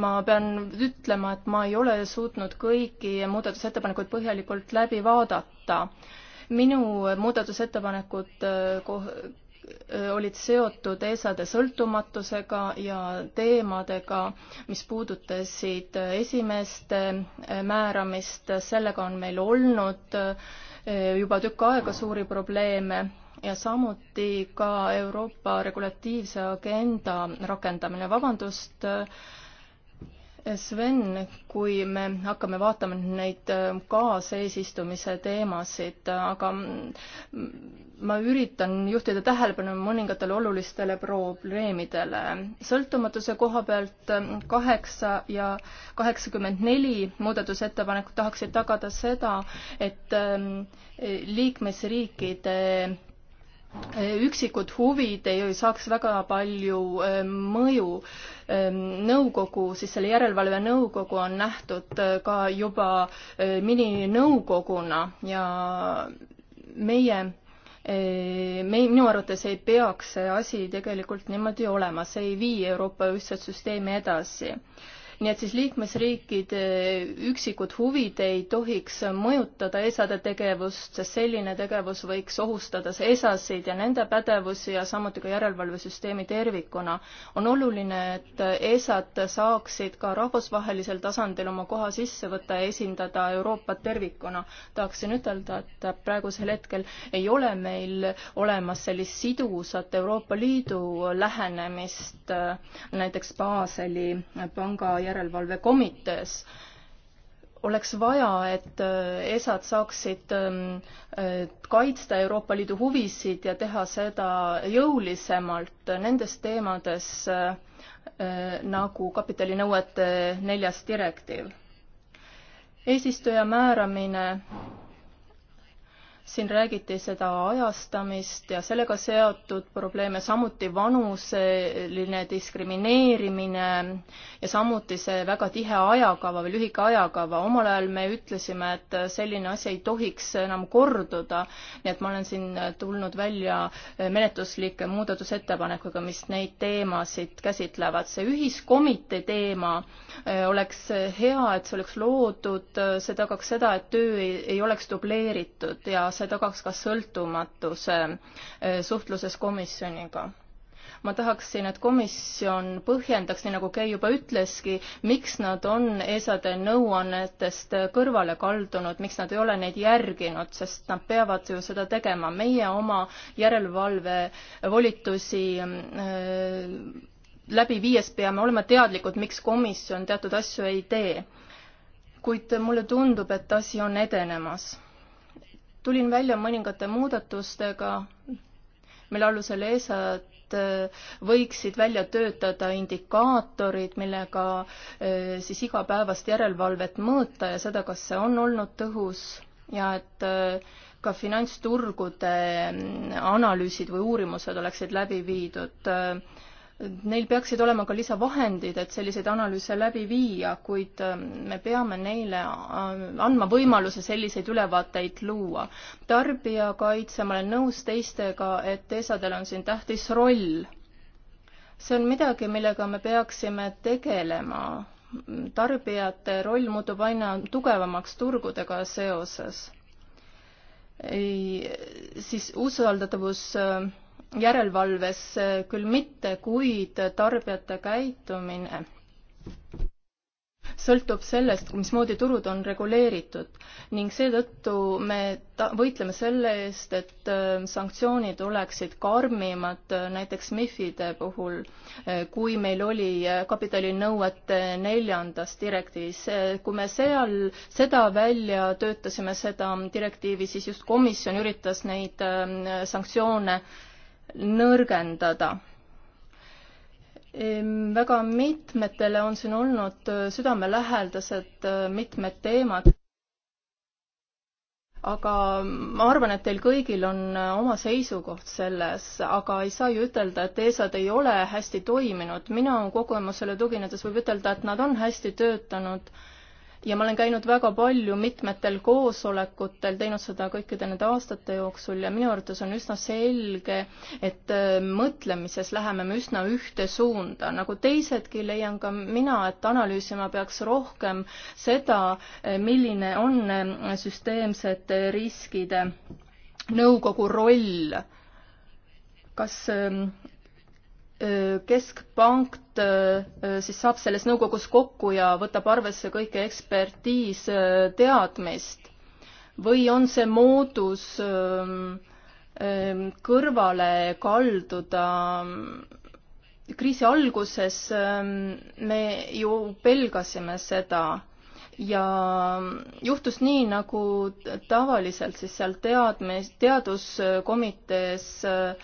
Speaker 4: ma pean ütlema, et ma ei ole suutnud kõiki muudatusettepanekuid põhjalikult läbi vaadata. minu muudatusettepanekud äh, Äh, olid seotud ESA-de sõltumatusega ja teemadega, mis puudutasid esimeeste äh, määramist, sellega on meil olnud äh, juba tükk aega suuri probleeme ja samuti ka Euroopa regulatiivse agenda rakendamine. vabandust, Sven, kui me hakkame vaatama neid kaaseesistumise teemasid, aga mm, ma üritan juhtida tähelepanu mõningatele olulistele probleemidele. sõltumatuse koha pealt ähm, kaheksa ja kaheksakümmend neli muudatusettepanekut tahaksid tagada seda, et ähm, liikmesriikide äh, üksikud huvid ei saaks väga palju ähm, mõju. nõukogu, siis selle järelevalve nõukogu on nähtud äh, ka juba äh, mininõukoguna ja meie me, minu arvates ei peaks see asi tegelikult niimoodi olema, see ei vii Euroopa ühtset süsteemi edasi nii et siis liikmesriikide üksikud huvid ei tohiks mõjutada ESA-de tegevust, sest selline tegevus võiks ohustada ESA-sid ja nende pädevusi ja samuti ka järelevalvesüsteemi tervikuna. on oluline, et ESA-d saaksid ka rahvusvahelisel tasandil oma koha sisse võtta ja esindada Euroopat tervikuna. tahaksin ütelda, et praegusel hetkel ei ole meil olemas sellist sidusat Euroopa Liidu lähenemist näiteks Baseli panga järelevalvekomitees. oleks vaja, et äh, ESA-d saaksid ähm, äh, kaitsta Euroopa Liidu huvisid ja teha seda jõulisemalt nendes teemades äh, nagu kapitalinõuete neljas direktiiv. eesistuja määramine siin räägiti seda ajastamist ja sellega seotud probleeme, samuti vanuseline diskrimineerimine ja samuti see väga tihe ajakava või lühike ajakava. omal ajal me ütlesime, et selline asi ei tohiks enam korduda, nii et ma olen siin tulnud välja menetluslike muudatusettepanekuga, mis neid teemasid käsitlevad. see ühiskomitee teema eh, oleks hea, et see oleks loodud, see tagaks seda, et töö ei, ei oleks dubleeritud ja see tagaks ka sõltumatuse eh, suhtluses komisjoniga ma tahaksin, et komisjon põhjendaks, nii nagu Kei juba ütleski, miks nad on ESA-de nõuannetest kõrvale kaldunud, miks nad ei ole neid järginud, sest nad peavad ju seda tegema. meie oma järelevalvevolitusi eh, läbi viies peame olema teadlikud, miks komisjon teatud asju ei tee. kuid mulle tundub, et asi on edenemas tulin välja mõningate muudatustega, mille alusel ESA-d äh, võiksid välja töötada indikaatorid, millega äh, siis igapäevast järelevalvet mõõta ja seda, kas see on olnud tõhus ja et äh, ka finantsturgude mm, analüüsid või uurimused oleksid läbi viidud neil peaksid olema ka lisavahendid, et selliseid analüüse läbi viia, kuid ähm, me peame neile äh, andma võimaluse selliseid ülevaateid luua. tarbijakaitse, ma olen nõus teistega, et ESA-del on siin tähtis roll. see on midagi, millega me peaksime tegelema. tarbijate roll muutub aina tugevamaks turgudega seoses. siis usaldatavus äh, järelevalves eh, küll mitte, kuid tarbijate käitumine sõltub sellest, mismoodi turud on reguleeritud ning seetõttu me ta-, võitleme selle eest, et eh, sanktsioonid oleksid karmimad eh, näiteks MIFide puhul, kui meil oli kapitalinõuete neljandas direktiivis. kui me seal seda välja töötasime, seda direktiivi, siis just komisjon üritas neid sanktsioone nõrgendada. väga mitmetele on siin olnud äh, südamelähedased äh, mitmed teemad. aga ma arvan, et teil kõigil on äh, oma seisukoht selles, aga ei saa ju ütelda, et ESA-d ei ole hästi toiminud. minu kogemusele tuginedes võib ütelda, et nad on hästi töötanud ja ma olen käinud väga palju mitmetel koosolekutel, teinud seda kõikide nende aastate jooksul ja minu arvates on üsna selge, et äh, mõtlemises läheme me üsna ühte suunda. nagu teisedki, leian ka mina, et analüüsima peaks rohkem seda, äh, milline on äh, süsteemsete riskide nõukogu roll kas ähm, keskpank siis saab selles nõukogus kokku ja võtab arvesse kõiki ekspertiisteadmist või on see moodus kõrvale kalduda kriisi alguses me ju pelgasime seda ja juhtus nii, nagu tavaliselt siis seal teadme-, teaduskomitees äh,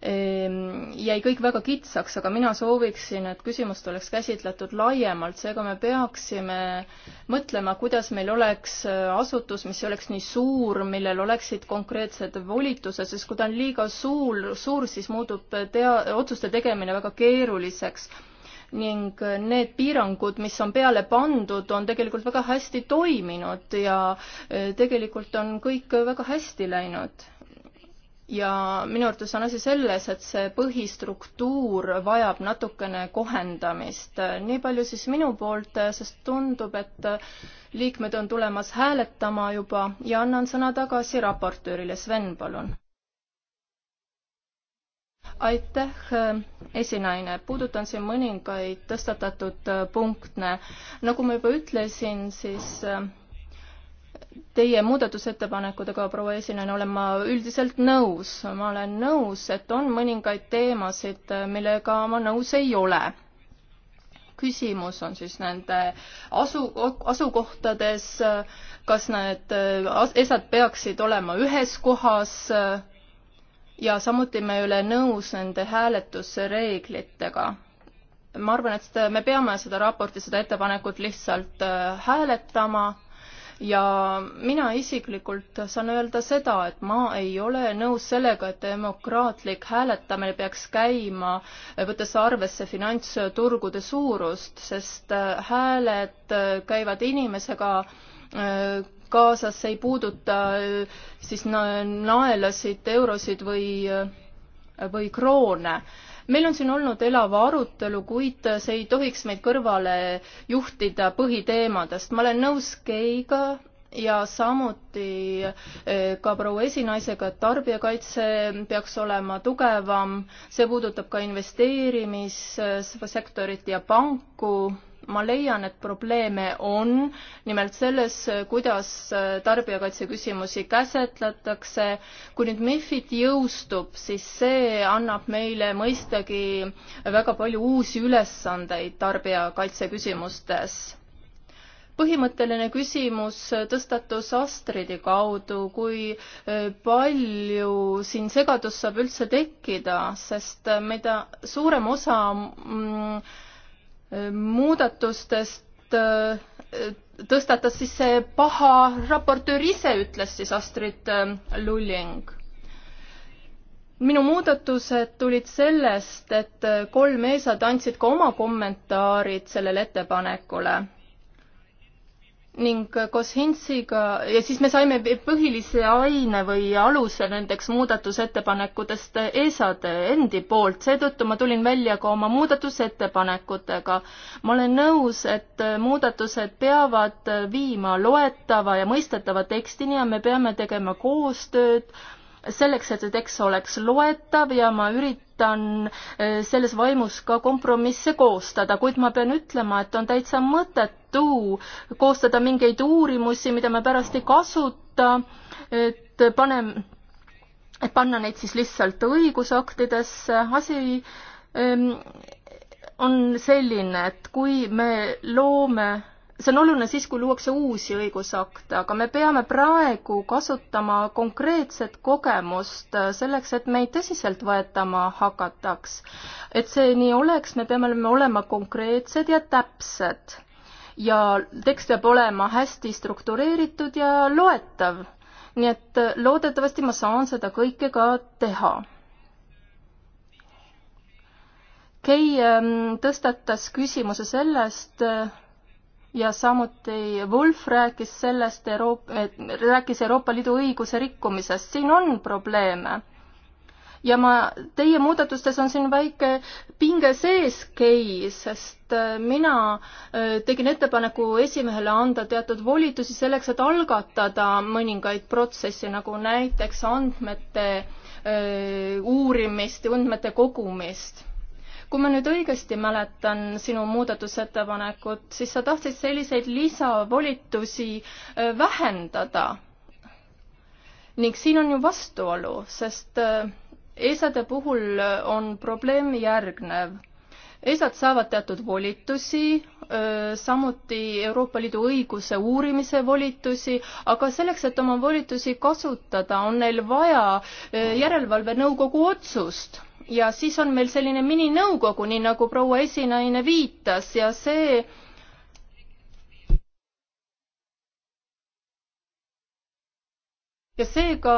Speaker 4: Ehm, jäi kõik väga kitsaks, aga mina sooviksin, et küsimust oleks käsitletud laiemalt, seega me peaksime mõtlema, kuidas meil oleks äh, asutus, mis ei oleks nii suur, millel oleksid konkreetsed volitused, sest kui ta on liiga suur, suur, siis muutub tea-, otsuste tegemine väga keeruliseks ning äh, need piirangud, mis on peale pandud, on tegelikult väga hästi toiminud ja äh, tegelikult on kõik väga hästi läinud ja minu arvates on asi selles, et see põhistruktuur vajab natukene kohendamist. nii palju siis minu poolt, sest tundub, et liikmed on tulemas hääletama juba ja annan sõna tagasi raportöörile. Sven, palun. aitäh, esinaine. puudutan siin mõningaid tõstatatud punkte. nagu ma juba ütlesin, siis Teie muudatusettepanekutega, proua esinejana, olen ma üldiselt nõus. ma olen nõus, et on mõningaid teemasid, millega ma nõus ei ole. küsimus on siis nende asu, asukohtades, kas need esad peaksid olema ühes kohas ja samuti me ei ole nõus nende hääletusreeglitega ma arvan, et me peame seda raporti, seda ettepanekut lihtsalt äh, hääletama ja mina isiklikult saan öelda seda, et ma ei ole nõus sellega, et demokraatlik hääletamine peaks käima, võttes arvesse finantsturgude suurust, sest äh, hääled äh, käivad inimesega äh, kaasas, see ei puuduta siis naelasid, eurosid või, või kroone meil on siin olnud elava arutelu, kuid see ei tohiks meid kõrvale juhtida põhiteemadest. ma olen nõus Keiga ja samuti eh, ka proua esinaisega, et tarbijakaitse peaks olema tugevam, see puudutab ka investeerimissektorit ja panku ma leian, et probleeme on, nimelt selles, kuidas tarbijakaitse küsimusi käsitletakse. kui nüüd MIFID jõustub, siis see annab meile mõistagi väga palju uusi ülesandeid tarbijakaitse küsimustes põhimõtteline küsimus tõstatus Astridi kaudu, kui äh, palju siin segadust saab üldse tekkida, sest mida suurem osa mm, muudatustest äh, tõstatas siis see paha raportöör ise, ütles siis Astrid äh, Lulling. minu muudatused tulid sellest, et kolm eesad andsid ka oma kommentaarid sellele ettepanekule ning koos Hintziga ja siis me saime põhilise aine või aluse nendeks muudatusettepanekutest ESA-de endi poolt, seetõttu ma tulin välja ka oma muudatusettepanekutega. ma olen nõus, et muudatused peavad viima loetava ja mõistetava tekstini ja me peame tegema koostööd selleks, et see tekst oleks loetav ja ma ürit-, üritan eh, selles vaimus ka kompromisse koostada, kuid ma pean ütlema, et on täitsa mõttetu koostada mingeid uurimusi, mida me pärast ei kasuta, et paneme, et panna neid siis lihtsalt õigusaktidesse, asi ehm, on selline, et kui me loome see on oluline siis, kui luuakse uusi õigusakte, aga me peame praegu kasutama konkreetset kogemust äh, selleks, et meid tõsiselt võetama hakataks. et see nii oleks, me peame olema konkreetsed ja täpsed. ja tekst peab olema hästi struktureeritud ja loetav. nii et äh, loodetavasti ma saan seda kõike ka teha Kei ähm, tõstatas küsimuse sellest, äh, ja samuti Wolf rääkis sellest Euroop-, rääkis Euroopa Liidu õiguse rikkumisest, siin on probleeme. ja ma, teie muudatustes on siin väike pinge seeski, sest äh, mina äh, tegin ettepaneku esimehele anda teatud volitusi selleks, et algatada mõningaid protsesse, nagu näiteks andmete öö, äh, uurimist ja andmete kogumist kui ma nüüd õigesti mäletan sinu muudatusettepanekut, siis sa tahtsid selliseid lisavolitusi äh, vähendada. ning siin on ju vastuolu, sest äh, ESA-de puhul äh, on probleem järgnev ESA-d saavad teatud volitusi, samuti Euroopa Liidu õiguse uurimise volitusi, aga selleks, et oma volitusi kasutada, on neil vaja järelevalvenõukogu otsust ja siis on meil selline mininõukogu, nii nagu proua esinaine viitas ja see ja seega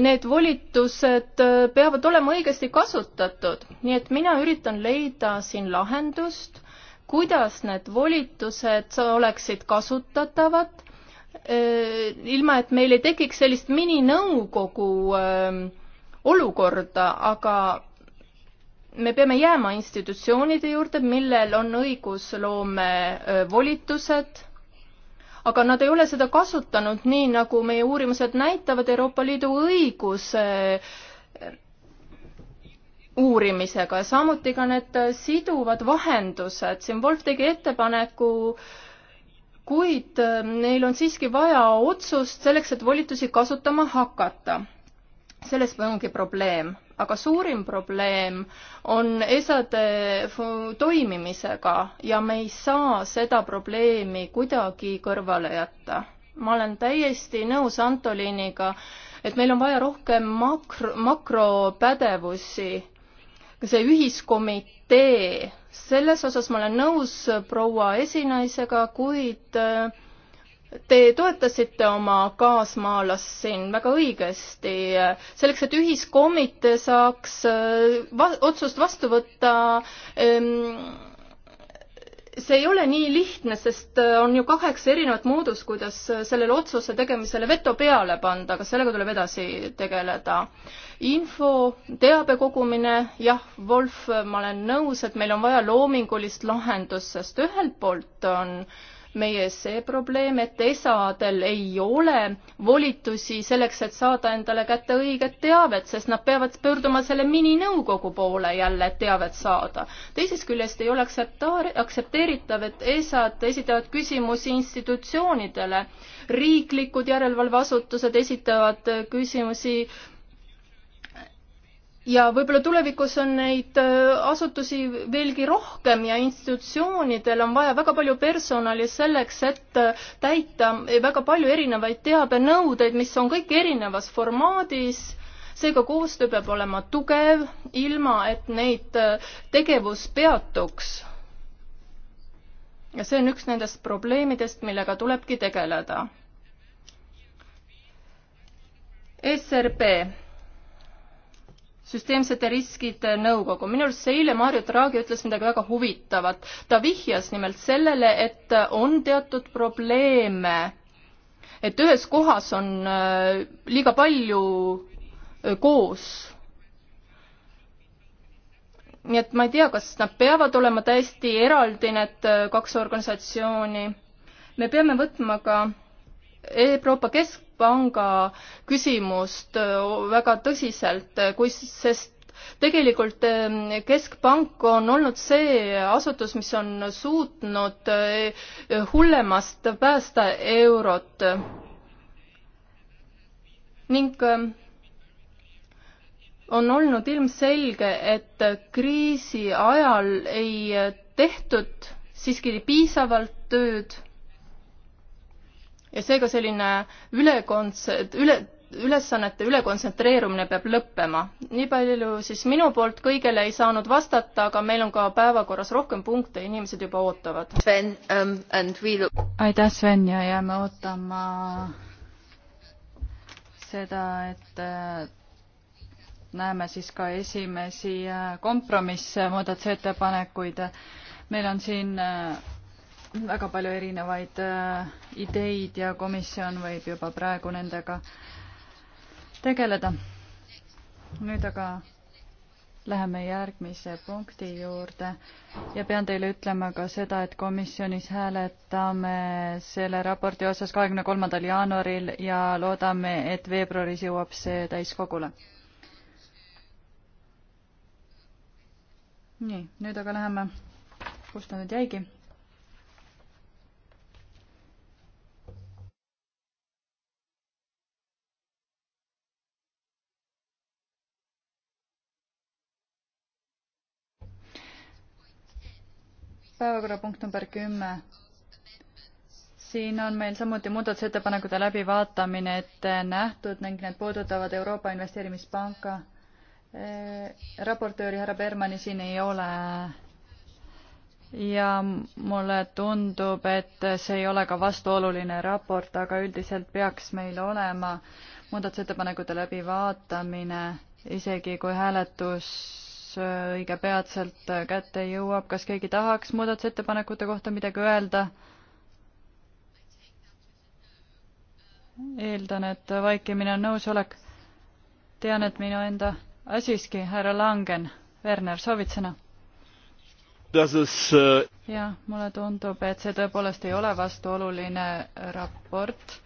Speaker 4: need volitused peavad olema õigesti kasutatud. nii et mina üritan leida siin lahendust, kuidas need volitused oleksid kasutatavad, eh, ilma et meil ei tekiks sellist mininõukogu eh, olukorda, aga me peame jääma institutsioonide juurde, millel on õigusloome volitused, aga nad ei ole seda kasutanud nii, nagu meie uurimused näitavad Euroopa Liidu õiguse uurimisega ja samuti ka need siduvad vahendused, siin Wolf tegi ettepaneku kuid neil on siiski vaja otsust selleks, et volitusi kasutama hakata selles ongi probleem, aga suurim probleem on esade eh, toimimisega ja me ei saa seda probleemi kuidagi kõrvale jätta. ma olen täiesti nõus Antoliniga, et meil on vaja rohkem makro, makropädevusi. see ühiskomitee, selles osas ma olen nõus proua esinaisega, kuid äh, Te toetasite oma kaasmaalast siin väga õigesti. selleks, et ühiskomitee saaks äh, va otsust vastu võtta, ähm, see ei ole nii lihtne, sest äh, on ju kaheksa erinevat moodust, kuidas äh, sellele otsuse tegemisele veto peale panda, aga sellega tuleb edasi tegeleda. info, teabe kogumine, jah, Wolf, ma olen nõus, et meil on vaja loomingulist lahendust, sest ühelt poolt on äh, meie ees see probleem, et esadel ei ole volitusi selleks, et saada endale kätte õiget teavet, sest nad peavad pöörduma selle mininõukogu poole jälle, et teavet saada. teisest küljest ei ole aktseptaar-, aktsepteeritav, et esad esitavad küsimusi institutsioonidele. riiklikud järelevalveasutused esitavad küsimusi ja võib-olla tulevikus on neid äh, asutusi veelgi rohkem ja institutsioonidel on vaja väga palju personali selleks, et äh, täita väga palju erinevaid teabenõudeid, mis on kõik erinevas formaadis, seega koostöö peab olema tugev, ilma et neid äh, tegevus peatuks. ja see on üks nendest probleemidest, millega tulebki tegeleda. SRB süsteemsete riskide nõukogu. minu arust eile Mario Draghi ütles midagi väga huvitavat. ta vihjas nimelt sellele, et on teatud probleeme, et ühes kohas on äh, liiga palju äh, koos. nii et ma ei tea, kas nad peavad olema täiesti eraldi, need äh, kaks organisatsiooni. me peame võtma ka Euroopa Kesk, panga küsimust äh, väga tõsiselt, äh, kui, sest tegelikult äh, Keskpank on olnud see asutus, mis on suutnud hullemast päästa eurot. ning on olnud ilmselge, et kriisi ajal ei tehtud siiski piisavalt tööd ja seega selline ülekonds-, üle, ülesannete ülekontsentreerumine peab lõppema. nii palju siis minu poolt, kõigele ei saanud vastata, aga meil on ka päevakorras rohkem punkte, inimesed juba ootavad. Sven um,, and we look.
Speaker 2: aitäh, Sven ja jääme ootama
Speaker 4: seda, et äh,
Speaker 2: näeme siis ka esimesi äh, kompromissmuudatusettepanekuid. meil on siin äh, väga palju erinevaid äh, ideid ja komisjon võib juba praegu nendega tegeleda. nüüd aga läheme järgmise punkti juurde ja pean teile ütlema ka seda, et komisjonis hääletame selle raporti osas kahekümne kolmandal jaanuaril ja loodame, et veebruaris jõuab see täiskogule. nii, nüüd aga läheme, kus ta nüüd jäigi päevakorrapunkt number kümme. siin on meil samuti muudatusettepanekute läbivaatamine ette nähtud ning need puudutavad Euroopa Investeerimispanka. Eh, raportööri härra Bermani siin ei ole. ja mulle tundub, et see ei ole ka vastuoluline raport, aga üldiselt peaks meil olema muudatusettepanekute läbivaatamine, isegi kui hääletus õige peatselt kätte jõuab, kas keegi tahaks muudatusettepanekute kohta midagi öelda? eeldan, et vaikimine on nõusolek. tean, et minu enda, siiski, härra Langen, Werner, soovid sõna?
Speaker 1: Äh,
Speaker 2: jah, mulle tundub, et see tõepoolest ei ole vastuoluline raport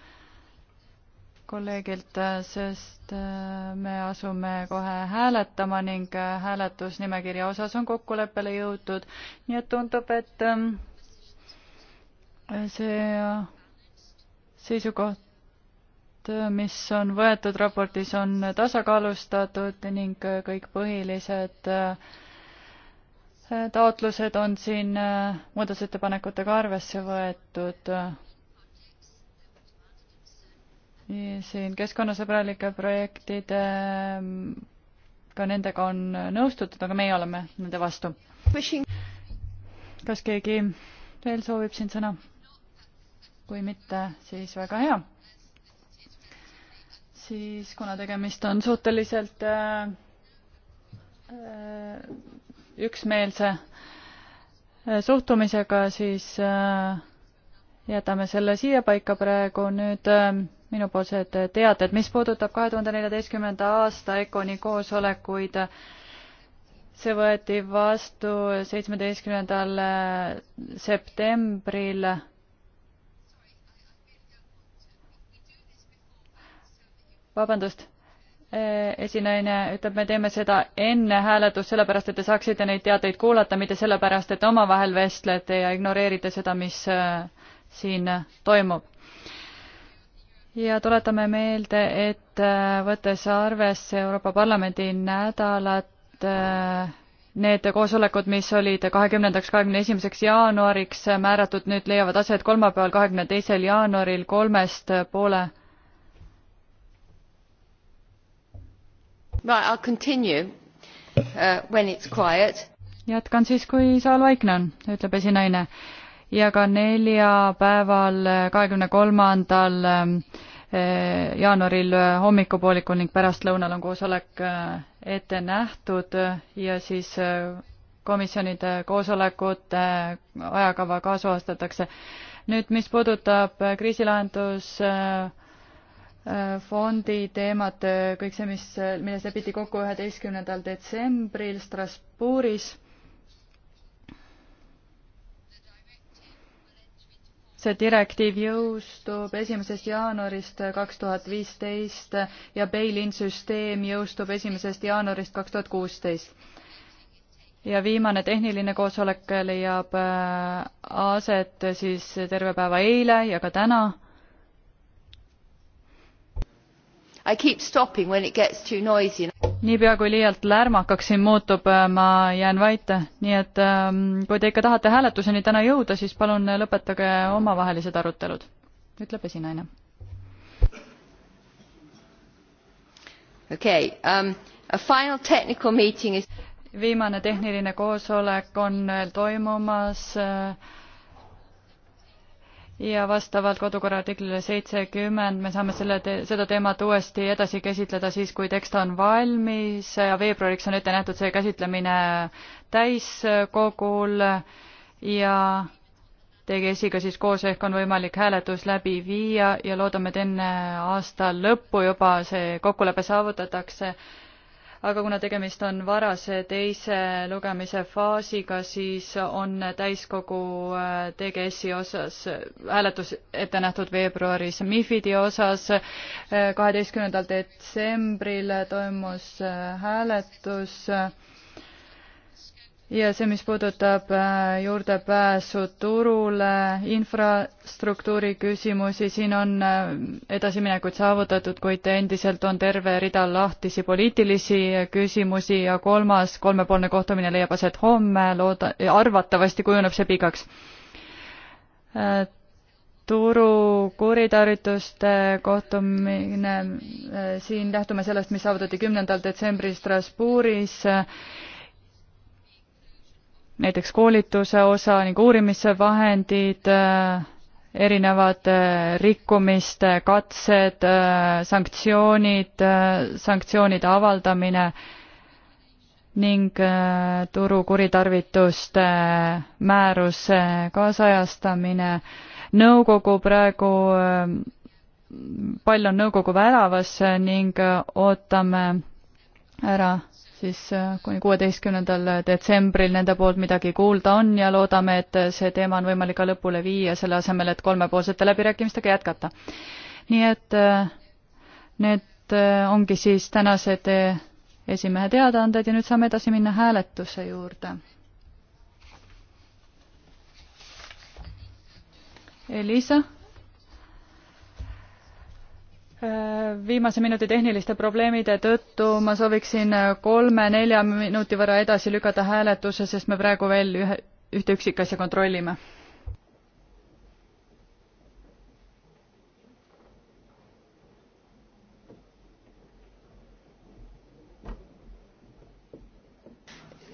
Speaker 2: kolleegilt, äh, sest äh, me asume kohe hääletama ning äh, hääletusnimekirja osas on kokkuleppele jõutud, nii et tundub, et ähm, see seisukoht, mis on võetud raportis, on tasakaalustatud ning kõik põhilised taotlused on siin muudatusettepanekutega arvesse võetud siin keskkonnasõbralike projektide, ka nendega on nõustutud, aga meie oleme nende vastu. kas keegi veel soovib siin sõna? kui mitte, siis väga hea. siis kuna tegemist on suhteliselt äh, üksmeelse äh, suhtumisega, siis äh, jätame selle siiapaika praegu nüüd äh, minupoolsed teated, mis puudutab kahe tuhande neljateistkümnenda aasta ECONi koosolekuid, see võeti vastu seitsmeteistkümnendal eh, septembril vabandust, eh, esinaine ütleb, me teeme seda enne hääletust, sellepärast et te saaksite neid teateid kuulata, mitte sellepärast, et omavahel vestlete ja ignoreerite seda, mis eh, siin toimub ja tuletame meelde, et äh, võttes arvesse Euroopa Parlamendi nädalat, äh, need koosolekud, mis olid kahekümnendaks, kahekümne esimeseks jaanuariks määratud, nüüd leiavad aset kolmapäeval, kahekümne teisel jaanuaril kolmest poole.
Speaker 1: Right, I'll continue uh, when it's quiet.
Speaker 2: jätkan siis, kui saal vaikne on, ütleb esinaine ja ka neljapäeval, kahekümne kolmandal ähm, äh, jaanuaril hommikupoolikul ning pärastlõunal on koosolek äh, ette nähtud ja siis äh, komisjonide koosolekute ajakava kaasajastatakse. nüüd, mis puudutab kriisilahendusfondi teemat, kõik see, mis, milles lepiti kokku üheteistkümnendal detsembril Strasbourgis see direktiiv jõustub esimesest jaanuarist kaks tuhat viisteist ja bail-in süsteem jõustub esimesest jaanuarist kaks tuhat kuusteist. ja viimane tehniline koosolek leiab äh, aset siis terve päeva eile ja ka täna.
Speaker 1: I keep stopping when it gets too noisy
Speaker 2: niipea kui liialt lärmakaks siin muutub, äh, ma jään vait, nii et ähm, kui te ikka tahate hääletuseni täna jõuda, siis palun lõpetage omavahelised arutelud, ütleb esinaine. okei okay, um,, a final technical meeting is viimane tehniline koosolek on toimumas äh, ja vastavalt kodukorra artiklile seitsekümmend me saame selle te, seda teemat uuesti edasi käsitleda siis, kui tekst on valmis ja veebruariks on ette nähtud see käsitlemine täiskogul ja TGS-iga siis koos ehk on võimalik hääletus läbi viia ja loodame, et enne aasta lõppu juba see kokkulepe saavutatakse aga kuna tegemist on varase teise lugemise faasiga, siis on täiskogu äh, TGS-i osas äh, hääletus ette nähtud veebruaris. MIFID-i osas äh, kaheteistkümnendal detsembril toimus hääletus ja see, mis puudutab äh, juurdepääsu turule, infrastruktuuri küsimusi, siin on äh, edasiminekuid saavutatud, kuid endiselt on terve rida lahtisi poliitilisi äh, küsimusi ja kolmas kolmepoolne kohtumine leiab aset homme, looda-, arvatavasti kujuneb see pikaks. turu kuritarvituste kohtumine, siin lähtume sellest, mis saavutati kümnendal detsembril Strasbourgis näiteks koolituse osa ning uurimisvahendid, äh, erinevate äh, rikkumiste katsed, äh, sanktsioonid, sanktsioonide avaldamine ning turu kuritarvituste määruse kaasajastamine. nõukogu praegu, pall on nõukogu väravas ning ootame ära siis äh, kuni kuueteistkümnendal detsembril nende poolt midagi kuulda on ja loodame, et see teema on võimalik ka lõpule viia, selle asemel, et kolmepoolsete läbirääkimistega jätkata. nii et äh, need äh, ongi siis tänased esimehe teadaanded ja nüüd saame edasi minna hääletuse juurde. Elisa viimase minuti tehniliste probleemide tõttu ma sooviksin kolme-nelja minuti võrra edasi lükata hääletuse, sest me praegu veel ühe, ühte üksikasja kontrollime.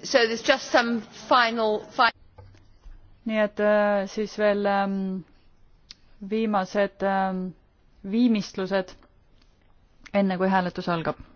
Speaker 1: So there's just some final,
Speaker 2: final nii et äh, siis veel ähm, viimased ähm, viimistlused, enne kui hääletus algab.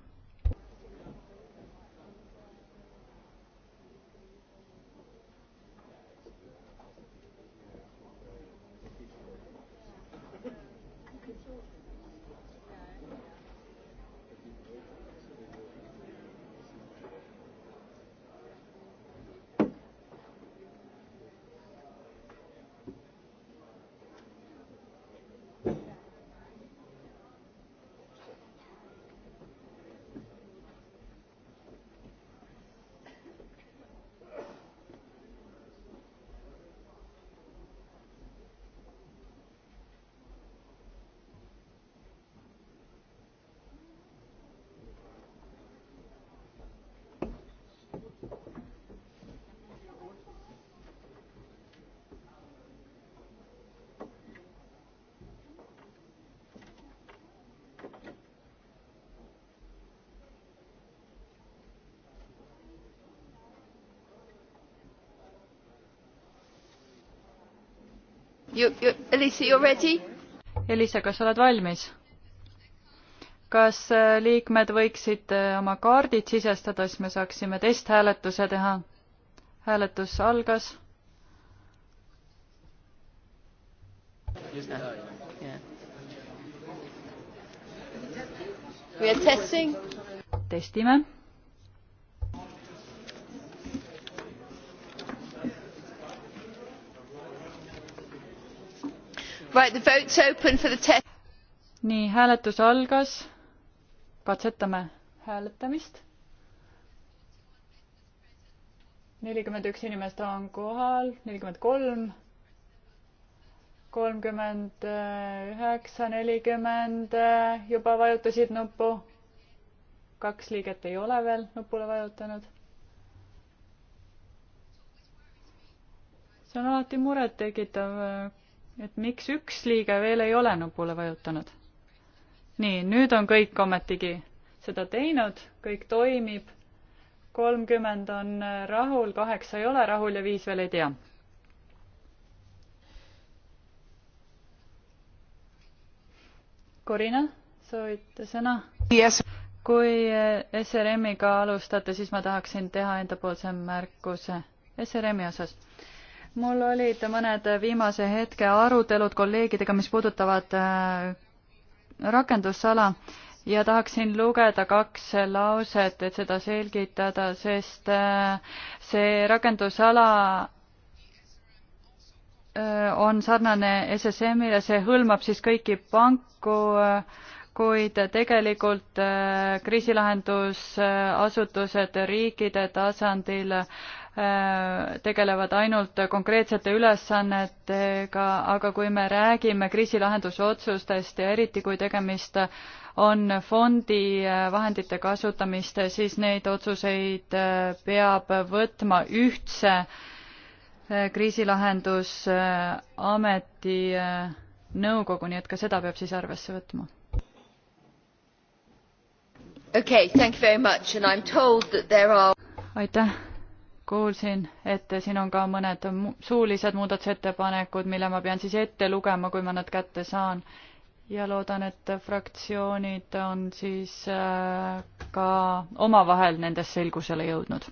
Speaker 1: You, you, Elisa, you ready?
Speaker 2: Elisa, kas sa oled valmis? kas äh, liikmed võiksid äh, oma kaardid sisestada, siis me saaksime testhääletuse teha? hääletus algas. testime. nii, hääletus algas. katsetame hääletamist. nelikümmend üks inimest on kohal, nelikümmend kolm, kolmkümmend üheksa, nelikümmend eh, juba vajutasid nuppu. kaks liiget ei ole veel nupule vajutanud see on alati murettekitav, eh, et miks üks liige veel ei ole nupule vajutanud. nii, nüüd on kõik ometigi seda teinud, kõik toimib, kolmkümmend on äh, rahul, kaheksa ei ole rahul ja viis veel ei tea. Corina, soovite sõna yes.? kui äh, SRM-iga alustate, siis ma tahaksin teha endapoolse märkuse SRM-i osas mul olid mõned viimase hetke arutelud kolleegidega, mis puudutavad äh, rakendusala ja tahaksin lugeda kaks lauset, et seda selgitada, sest äh, see rakendusala äh, on sarnane SSM-ile, see hõlmab siis kõiki panku, kuid tegelikult äh, kriisilahendusasutused riikide tasandil äh, tegelevad ainult konkreetsete ülesannetega, aga kui me räägime kriisilahendusotsustest ja eriti, kui tegemist on fondi äh, vahendite kasutamist, siis neid otsuseid peab võtma ühtse kriisilahendusameti nõukogu, nii et ka seda peab siis arvesse võtma
Speaker 1: Okay, are...
Speaker 2: aitäh kuulsin et siin on ka mõned suulised muudatusettepanekud mille ma pean siis ette lugema kui ma nad kätte saan ja loodan et fraktsioonid on siis äh, ka omavahel nendes selgusele jõudnud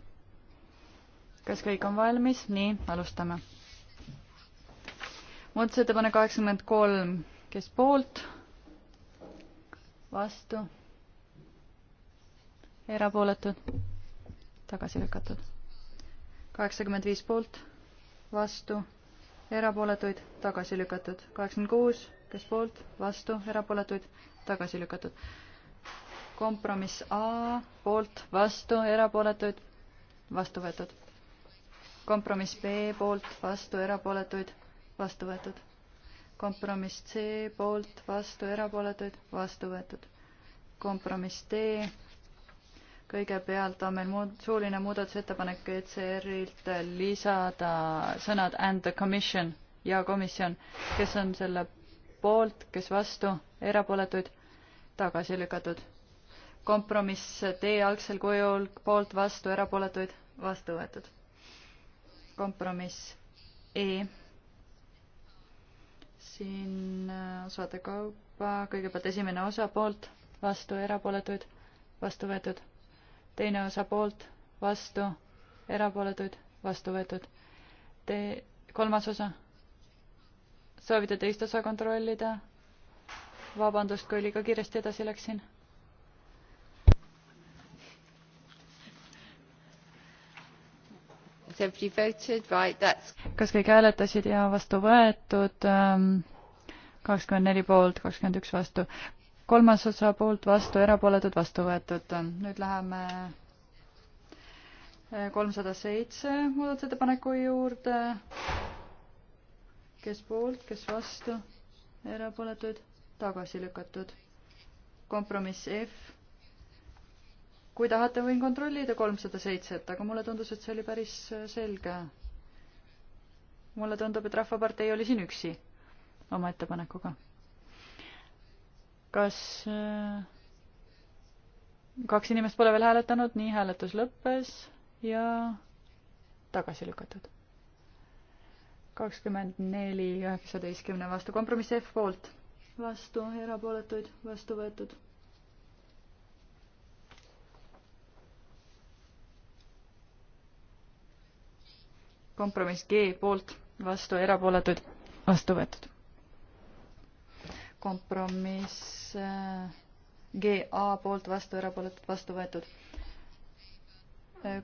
Speaker 2: kas kõik on valmis nii alustame muudatusettepanek kaheksakümmend kolm kes poolt vastu erapooletud, tagasi lükatud. kaheksakümmend viis poolt, vastu, erapooletuid, tagasi lükatud. kaheksakümmend kuus, kes poolt, vastu, erapooletuid, tagasi lükatud. kompromiss A, poolt, vastu, erapooletuid, vastu võetud. kompromiss B, poolt, vastu, erapooletuid, vastu võetud. kompromiss C, poolt, vastu, erapooletuid, vastu võetud. kompromiss D, kõigepealt on meil muud, suuline muudatusettepanek ECR-ilt lisada sõnad and the commission ja komisjon, kes on selle poolt, kes vastu, erapooletuid, tagasi lükatud. kompromiss teie algsel kujul poolt, vastu, erapooletuid, vastu võetud. kompromiss E. siin äh, osade kaupa kõigepealt esimene osa poolt, vastu, erapooletuid, vastu võetud teine osa poolt, vastu, erapooletuid, vastu võetud. Te-, kolmas osa. soovite teist osa kontrollida? vabandust, kui liiga kiiresti edasi läksin. kas kõik hääletasid ja vastu võetud? Ähm, kakskümmend neli poolt, kakskümmend üks vastu kolmas osa poolt vastu, erapooletud vastu võetud. nüüd läheme eh, kolmsada seitse muudatusettepaneku juurde. kes poolt, kes vastu, erapooletud, tagasi lükatud. kompromiss F. kui tahate, võin kontrollida kolmsada seitset, aga mulle tundus, et see oli päris eh, selge. mulle tundub, et Rahvapartei oli siin üksi oma ettepanekuga kas äh, kaks inimest pole veel hääletanud, nii hääletus lõppes ja tagasi lükatud. kakskümmend neli üheksateistkümne vastu, kompromiss F poolt, vastu, erapooletuid, vastu võetud. kompromiss G poolt, vastu, erapooletuid, vastu võetud kompromiss äh, GA poolt vastu, erapooletud, vastu võetud.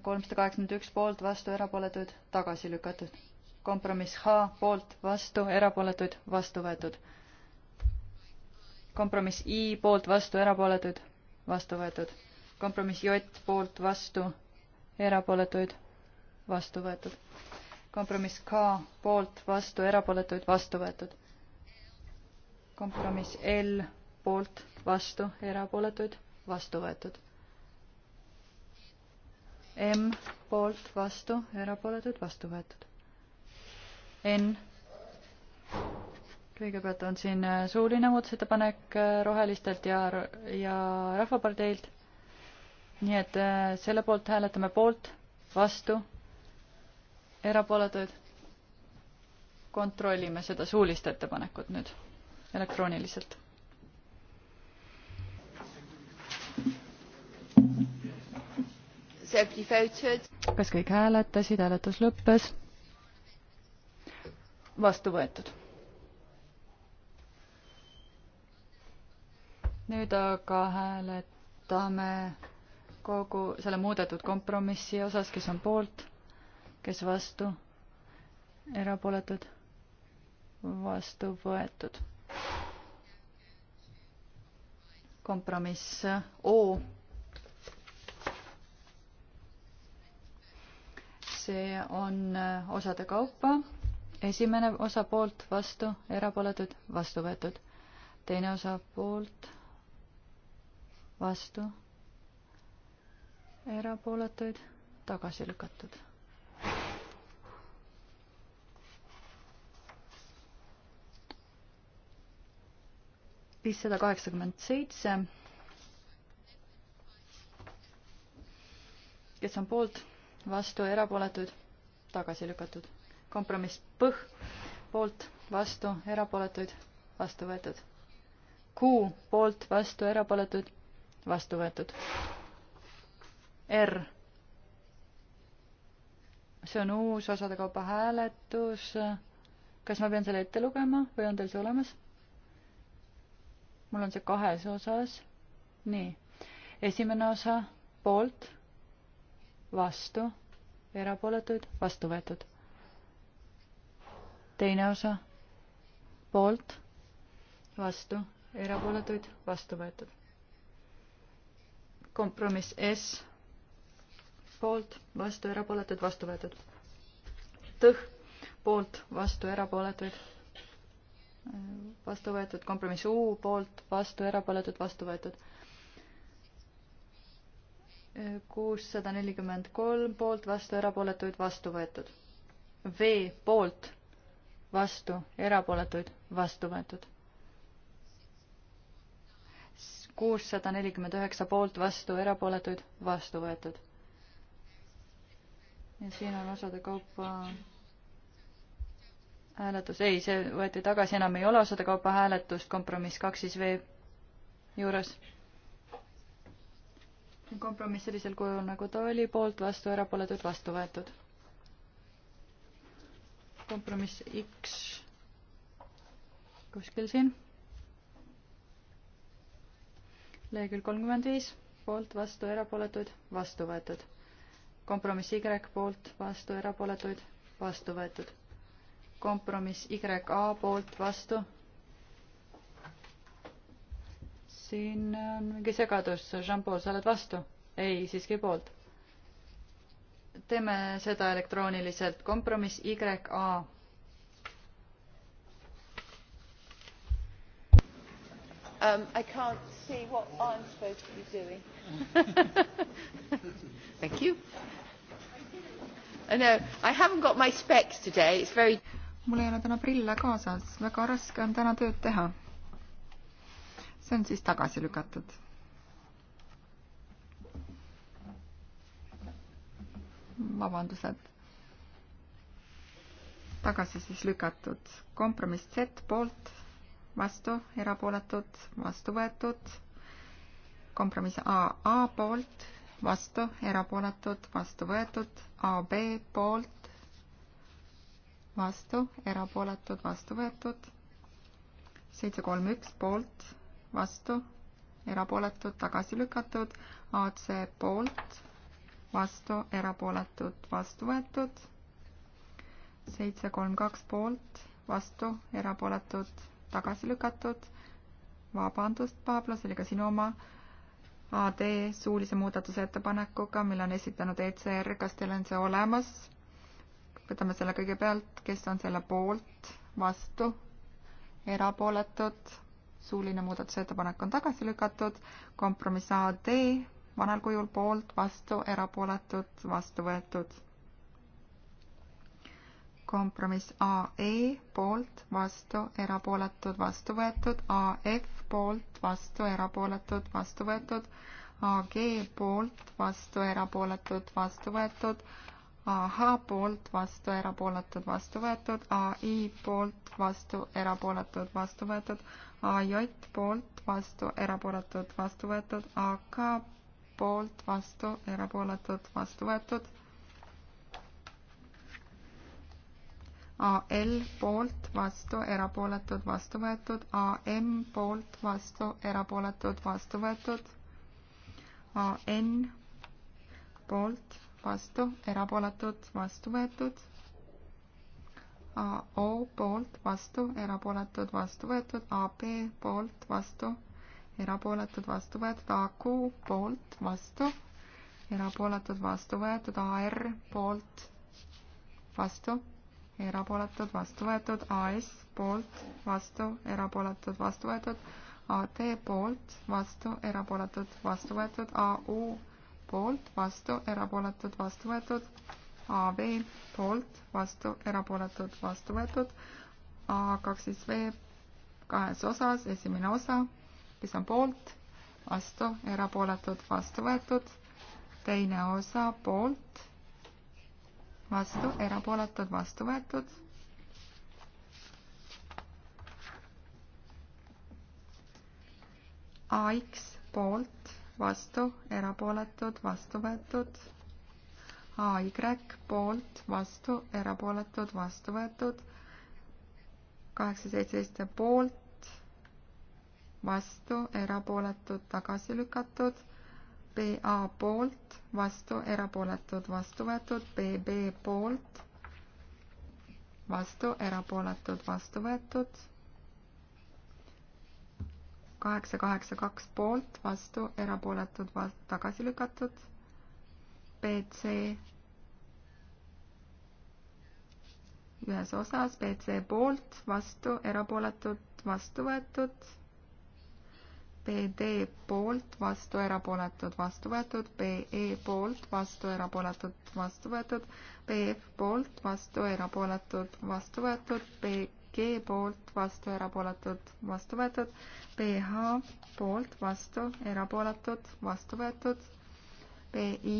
Speaker 2: kolmsada kaheksakümmend üks poolt vastu, erapooletuid, tagasi lükatud. kompromiss H poolt vastu, erapooletuid, vastu võetud. kompromiss I poolt vastu, erapooletuid, vastu võetud. kompromiss J poolt vastu, erapooletuid, vastu võetud. kompromiss K poolt vastu, erapooletuid, vastu võetud kompromiss L poolt, vastu, erapooletuid, vastu võetud. M poolt, vastu, erapooletuid, vastu võetud. N. kõigepealt on siin äh, suuline muudatusettepanek äh, Rohelistelt ja, ja Rahvaparteilt. nii et äh, selle poolt hääletame poolt, vastu, erapooletuid. kontrollime seda suulist ettepanekut nüüd elektrooniliselt. kas kõik hääletasid, hääletus lõppes?
Speaker 1: vastu võetud.
Speaker 2: nüüd aga hääletame kogu selle muudetud kompromissi osas, kes on poolt, kes vastu, erapooletud, vastu võetud kompromiss O. see on osade kaupa. esimene osa poolt, vastu, erapooletud, vastu võetud. teine osa poolt, vastu, erapooletuid, tagasi lükatud viissada kaheksakümmend seitse. kes on poolt, vastu, erapooletuid, tagasi lükatud. kompromiss põh, poolt, vastu, erapooletuid, vastu võetud. Q poolt, vastu, erapooletuid, vastu võetud. R. see on uus osade kaupa hääletus. kas ma pean selle ette lugema või on teil see olemas? mul on see kahes osas. nii, esimene osa poolt, vastu, erapooletuid, vastu võetud. teine osa poolt, vastu, erapooletuid, vastu võetud. kompromiss S poolt, vastu, erapooletuid, vastu võetud. tõh, poolt, vastu, erapooletuid vastu võetud, kompromiss U poolt, vastu, erapooletud, vastu võetud. kuussada nelikümmend kolm poolt, vastu, erapooletuid, vastu võetud. V poolt, vastu, erapooletuid, vastu võetud. kuussada nelikümmend üheksa poolt, vastu, erapooletuid, vastu võetud. ja siin on osade kaupa hääletus, ei, see võeti tagasi, enam ei ole osade kaupa hääletust, kompromiss kaks siis V juures. kompromiss sellisel kujul, nagu ta oli, poolt, vastu, erapooletud, vastu võetud. kompromiss X kuskil siin. lehekülg kolmkümmend viis, poolt, vastu, erapooletuid, vastu võetud. kompromiss Y poolt, vastu, erapooletuid, vastu võetud kompromiss YA poolt vastu. siin on mingi segadus, Jean-Paul, sa oled vastu? ei, siiski poolt. teeme seda elektrooniliselt, kompromiss YA.
Speaker 1: Um, I can't see what I'm supposed to be doing. Thank you. I know I haven't got my specs
Speaker 3: today. It's very mul ei ole täna prille kaasas, väga raske on täna tööd teha. see on siis tagasi lükatud. vabandused. tagasi siis lükatud. kompromiss Z poolt, vastu, erapooletud, vastu võetud. kompromiss AA poolt, vastu, erapooletud, vastu võetud. AB poolt, vastu, erapooletud, vastu võetud. seitse, kolm, üks poolt, vastu, erapooletud, tagasi lükatud. AC poolt, vastu, erapooletud, vastu võetud. seitse, kolm, kaks poolt, vastu, erapooletud, tagasi lükatud. vabandust, Pablo, see oli ka sinu oma AD suulise muudatusettepanekuga, mille on esitanud ECR, kas teil on see olemas? võtame selle kõigepealt, kes on selle poolt, vastu, erapooletud, suuline muudatusettepanek on tagasi lükatud, kompromiss AD vanal kujul poolt, vastu, erapooletud, vastu võetud. kompromiss AE poolt, vastu, erapooletud, vastu võetud, AF poolt, vastu, erapooletud, vastu võetud, AG poolt, vastu, erapooletud, vastu võetud, AH poolt vastu, erapooletud, vastu võetud, ai poolt vastu, erapooletud, vastu võetud, aj poolt vastu, erapooletud, vastu võetud, ak poolt vastu, erapooletud, vastu võetud, al poolt vastu, erapooletud, vastu võetud, am poolt vastu, erapooletud, vastu võetud, an poolt vastu, erapooletud, vastu võetud. AO poolt, vastu, erapooletud, vastu võetud. AB poolt, vastu, erapooletud, vastu võetud. AQ poolt, vastu, erapooletud, vastu võetud. AR poolt, vastu, erapooletud, vastu võetud. AS poolt, vastu, erapooletud, vastu võetud. AT poolt, vastu, erapooletud, vastu võetud. AU poolt, poolt, vastu, erapooletud, vastu võetud. AB poolt, vastu, erapooletud, vastu võetud. A kaksteist V kahes osas, esimene osa, kes on poolt, vastu, erapooletud, vastu võetud. teine osa poolt, vastu, erapooletud, vastu võetud AX poolt vastu, erapooletud, vastu võetud. AY poolt, vastu, erapooletud, vastu võetud. kaheksa, seitseteist poolt, vastu, erapooletud, tagasi lükatud. BA poolt, vastu, erapooletud, vastu võetud. BB poolt, vastu, erapooletud, vastu võetud kaheksa, kaheksa, kaks poolt, vastu, erapooletud, tagasi lükatud. BC ühes osas, BC poolt, vastu, erapooletud, vastu võetud. BD poolt, vastu, erapooletud, vastu võetud, BE poolt, vastu, erapooletud, vastu võetud, BF poolt, vastu, erapooletud, vastu võetud, BG G poolt, vastu, erapooletud, vastu võetud. BH poolt, vastu, erapooletud, vastu võetud. BI,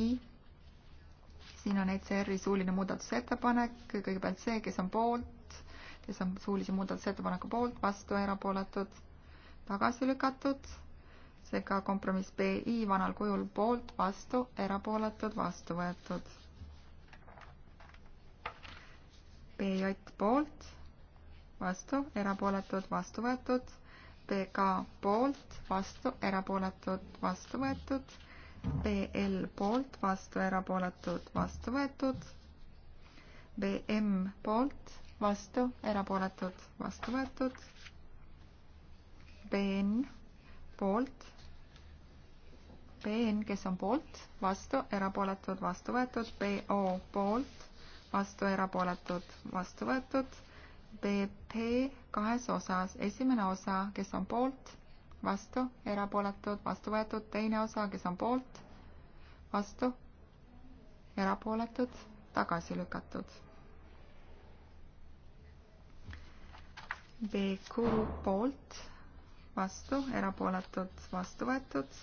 Speaker 3: siin on ECR-i suuline muudatusettepanek, kõigepealt see, kes on poolt, kes on suulise muudatusettepaneku poolt, vastu, erapooletud, tagasi lükatud. seega kompromiss BI vanal kujul poolt, vastu, erapooletud, vastu võetud PJ poolt, vastu, erapooletud, vastu võetud. BK poolt, vastu, erapooletud, vastu võetud. BL poolt, vastu, erapooletud, vastu võetud. BM poolt, vastu, erapooletud, vastu võetud. BN poolt, BN, kes on poolt, vastu, erapooletud, vastu võetud, BO poolt, vastu, erapooletud, vastu võetud BP kahes osas. esimene osa, kes on poolt, vastu, erapooletud, vastu võetud, teine osa, kes on poolt, vastu, erapooletud, tagasi lükatud. BQ poolt, vastu, erapooletud, vastu võetud.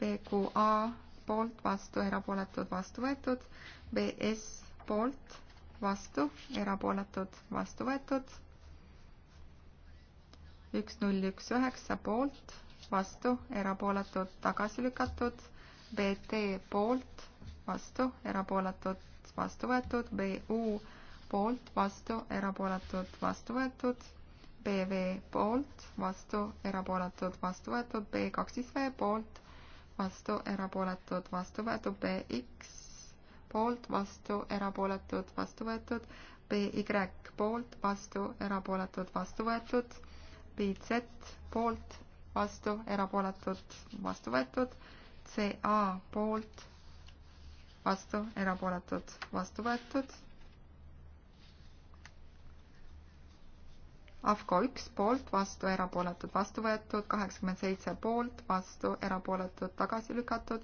Speaker 3: BQA poolt, vastu, erapooletud, vastu võetud. BS poolt vastu, erapooletud, vastu võetud. üks, null, üks, üheksa poolt, vastu, erapooletud, tagasi lükatud. BT poolt, vastu, erapooletud, vastu võetud. BU poolt, vastu, erapooletud, vastu võetud. BV poolt, vastu, erapooletud, vastu võetud. B2V poolt, vastu, erapooletud, vastu võetud. BX poolt, vastu, erapooletud, vastu võetud. PY poolt, vastu, erapooletud, vastu võetud. PZ poolt, vastu, erapooletud, vastu võetud. CA poolt, vastu, erapooletud, vastu võetud. AFCO üks poolt, vastu, erapooletud, vastu võetud, kaheksakümmend seitse poolt, vastu, erapooletud, tagasi lükatud,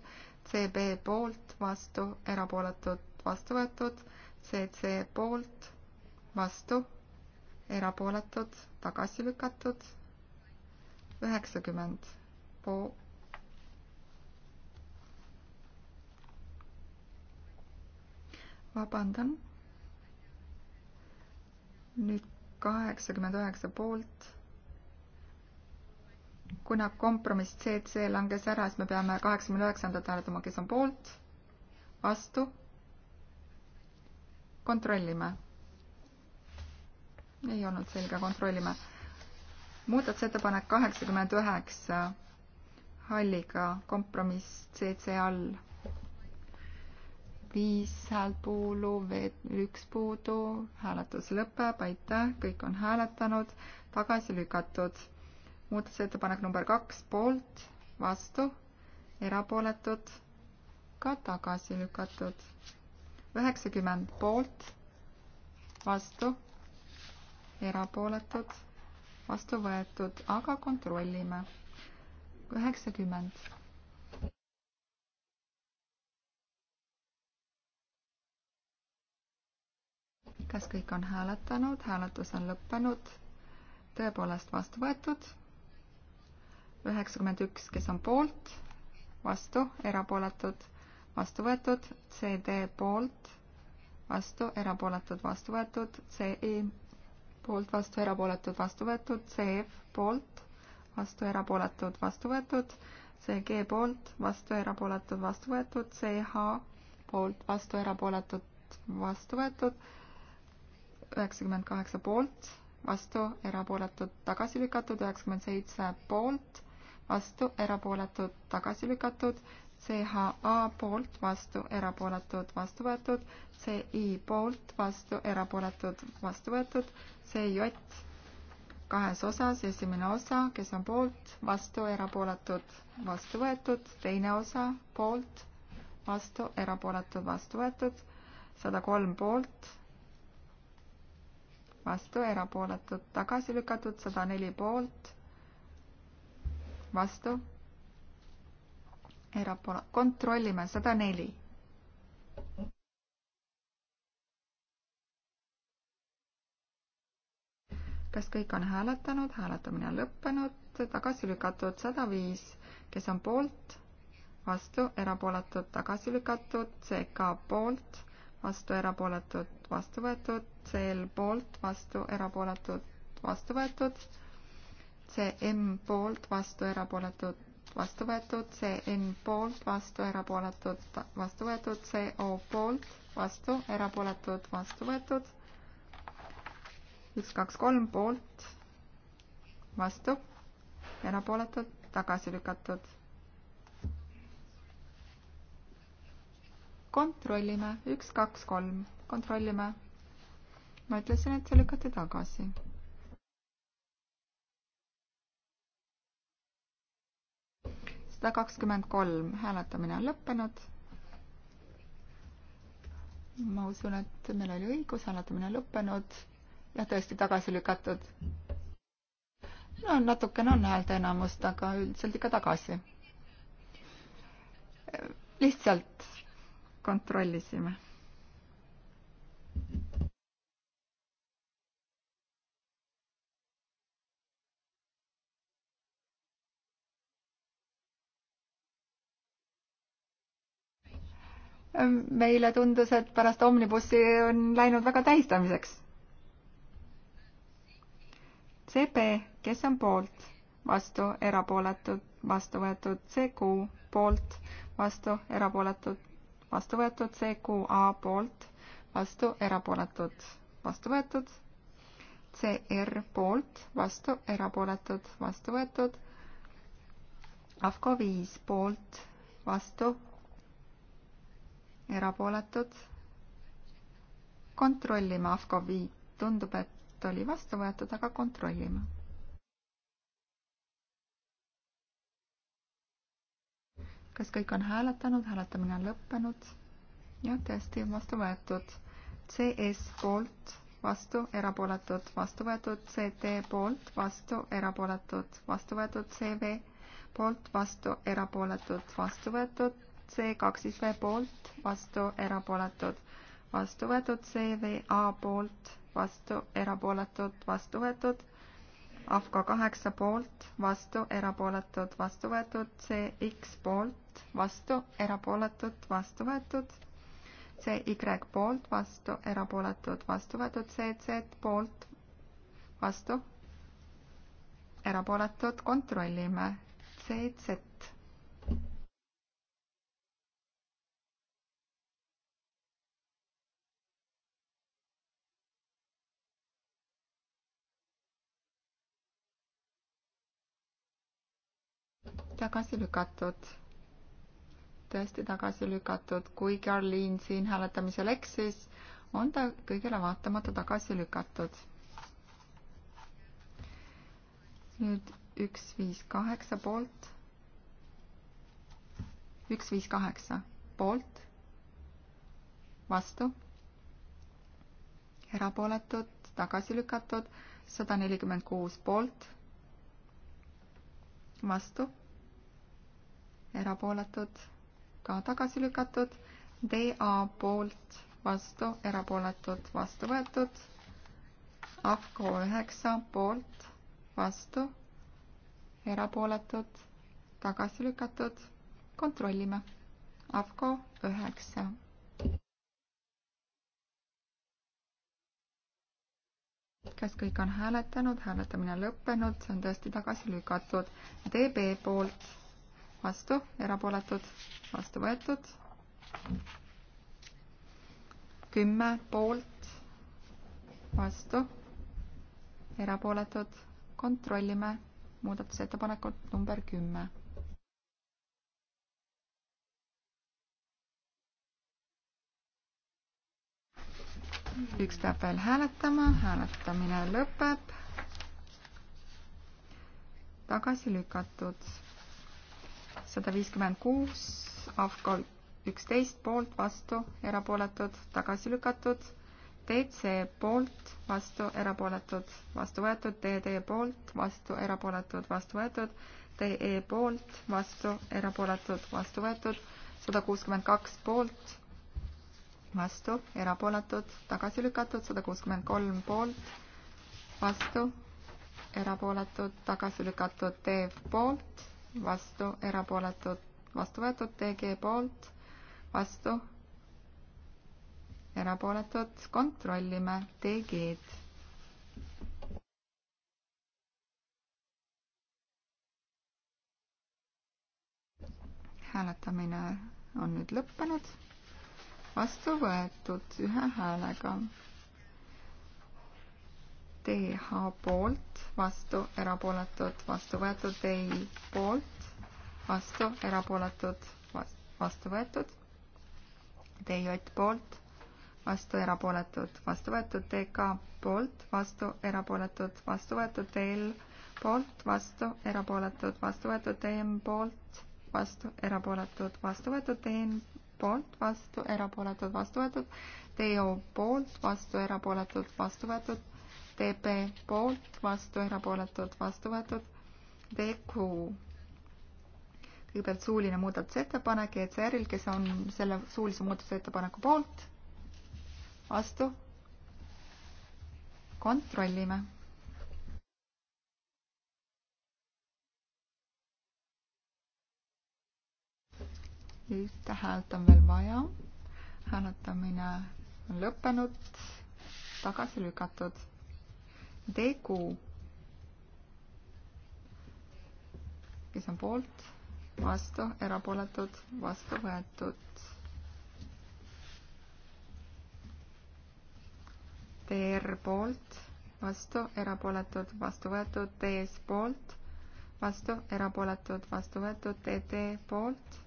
Speaker 3: CB poolt, vastu, erapooletud, vastu võetud, CC poolt, vastu, erapooletud, tagasi lükatud, üheksakümmend po-. vabandan. nüüd kaheksakümmend üheksa poolt kuna kompromiss CC langes ära, siis me peame kaheksakümne üheksandat hääletama, kes on poolt, vastu. kontrollime. ei olnud selge, kontrollime. muudatusettepanek kaheksakümmend üheksa, halliga kompromiss CC all. viis häält puudu, üks puudu, hääletus lõpeb, aitäh, kõik on hääletanud, tagasi lükatud muudatusettepanek number kaks poolt, vastu, erapooletud, ka tagasi lükatud. üheksakümmend poolt, vastu, erapooletud, vastu võetud, aga kontrollime. üheksakümmend. kas kõik on hääletanud, hääletus on lõppenud, tõepoolest vastu võetud üheksakümmend üks, kes on poolt, vastu, erapooletud, vastu võetud, CD poolt, vastu, erapooletud, vastu võetud, CE poolt, vastu, erapooletud, vastu võetud, CF poolt, vastu, erapooletud, vastu võetud, CG poolt, vastu, erapooletud, vastu võetud, CH poolt, vastu, erapooletud, vastu võetud, üheksakümmend kaheksa poolt, vastu, erapooletud, tagasi lükatud, üheksakümmend seitse poolt vastu, erapooletud, tagasi lükatud, CHA poolt, vastu, erapooletud, vastu võetud, CI poolt, vastu, erapooletud, vastu võetud, CJ kahes osas, esimene osa, kes on poolt, vastu, erapooletud, vastu võetud, teine osa, poolt, vastu, erapooletud, vastu võetud, sada kolm poolt, vastu, erapooletud, tagasi lükatud, sada neli poolt vastu, erapoole, kontrollime, sada neli. kas kõik on hääletanud, hääletamine on lõppenud, tagasi lükatud sada viis, kes on poolt, vastu, erapooletud, tagasi lükatud, CK poolt, vastu, erapooletud, vastu võetud, CL poolt, vastu, erapooletud, vastu võetud CM poolt, vastu, erapooletud, vastu võetud, CN poolt, vastu, erapooletud, vastu võetud, CO poolt, vastu, erapooletud, vastu võetud. üks, kaks, kolm poolt, vastu, erapooletud, tagasi lükatud kontrollime, üks, kaks, kolm, kontrollime. ma ütlesin, et see lükati tagasi sada kakskümmend kolm, hääletamine on lõppenud. ma usun, et meil oli õigus, hääletamine on lõppenud. jah, tõesti tagasi lükatud. no natukene on häälteenamust, aga üldiselt ikka tagasi. lihtsalt kontrollisime meile tundus, et pärast omnibussi on läinud väga tähistamiseks. CB, kes on poolt, vastu, erapooletud, vastu võetud, CQ poolt, vastu, erapooletud, vastu võetud, CQA poolt, vastu, erapooletud, vastu võetud, CR poolt, vastu, erapooletud, vastu võetud, AFCO viis poolt, vastu, erapooletud. kontrollime AFCO viit, tundub, et oli vastu võetud, aga kontrollime. kas kõik on hääletanud, hääletamine on lõppenud? jah, tõesti, vastu võetud. CS poolt, vastu, erapooletud, vastu võetud, CD poolt, vastu, erapooletud, vastu võetud, CV poolt, vastu, erapooletud, vastu võetud, C2 siis V poolt, vastu, erapooletud, vastu võetud, CVA poolt, vastu, erapooletud, vastu võetud, AFCO kaheksa poolt, vastu, erapooletud, vastu võetud, CX poolt, vastu, erapooletud, vastu võetud, CY poolt, vastu, erapooletud, vastu võetud, CZ poolt, vastu, erapooletud, kontrollime, CZ tagasi lükatud. tõesti tagasi lükatud, kui Carlin siin hääletamisel eksis, on ta kõigele vaatamata tagasi lükatud. nüüd üks, viis, kaheksa poolt. üks, viis, kaheksa poolt, vastu, erapooletud, tagasi lükatud, sada nelikümmend kuus poolt, vastu erapooletud, ka tagasi lükatud. DA poolt vastu, erapooletud, vastu võetud. AFCO üheksa poolt vastu, erapooletud, tagasi lükatud. kontrollime. AFCO
Speaker 1: üheksa.
Speaker 3: kas kõik on hääletanud, hääletamine lõppenud, see on tõesti tagasi lükatud. DB poolt vastu, erapooletud, vastu võetud. kümme poolt, vastu, erapooletud, kontrollime muudatusettepanekut number kümme. üks peab veel hääletama, hääletamine lõpeb. tagasi lükatud sada viiskümmend kuus, AFCO üksteist poolt, vastu, erapooletud, tagasi lükatud. DC poolt, vastu, erapooletud, vastu võetud, DD poolt, vastu, erapooletud, vastu võetud, DE poolt, vastu, erapooletud, vastu võetud, sada kuuskümmend kaks poolt, vastu, erapooletud, tagasi lükatud, sada kuuskümmend kolm poolt, vastu, erapooletud, tagasi lükatud, DF poolt vastu, erapooletud, vastu võetud, DG poolt, vastu, erapooletud, kontrollime DG-d. hääletamine on nüüd lõppenud, vastu võetud ühe häälega DH poolt, vastu, erapooletud, vastu võetud, DI poolt, vastu, erapooletud, vastu võetud, DJ poolt, vastu, erapooletud, vastu võetud, DK poolt, vastu, erapooletud, vastu võetud, DL poolt, vastu, erapooletud, vastu võetud, DM poolt, vastu, erapooletud, vastu võetud, TN poolt, vastu, erapooletud, vastu võetud, TO poolt, vastu, erapooletud, vastu võetud DP poolt, vastu, erapooletult vastu võetud. DQ. kõigepealt suuline muudatusettepanek ECR-il, kes on selle suulise muudatusettepaneku poolt, vastu. kontrollime. ühte häält on veel vaja. hääletamine on lõppenud, tagasi lükatud tegu, kes on poolt, vastu, erapooletud, vastu võetud. TR poolt, vastu, erapooletud, vastu võetud, TS poolt, vastu, erapooletud, vastu võetud, TT poolt,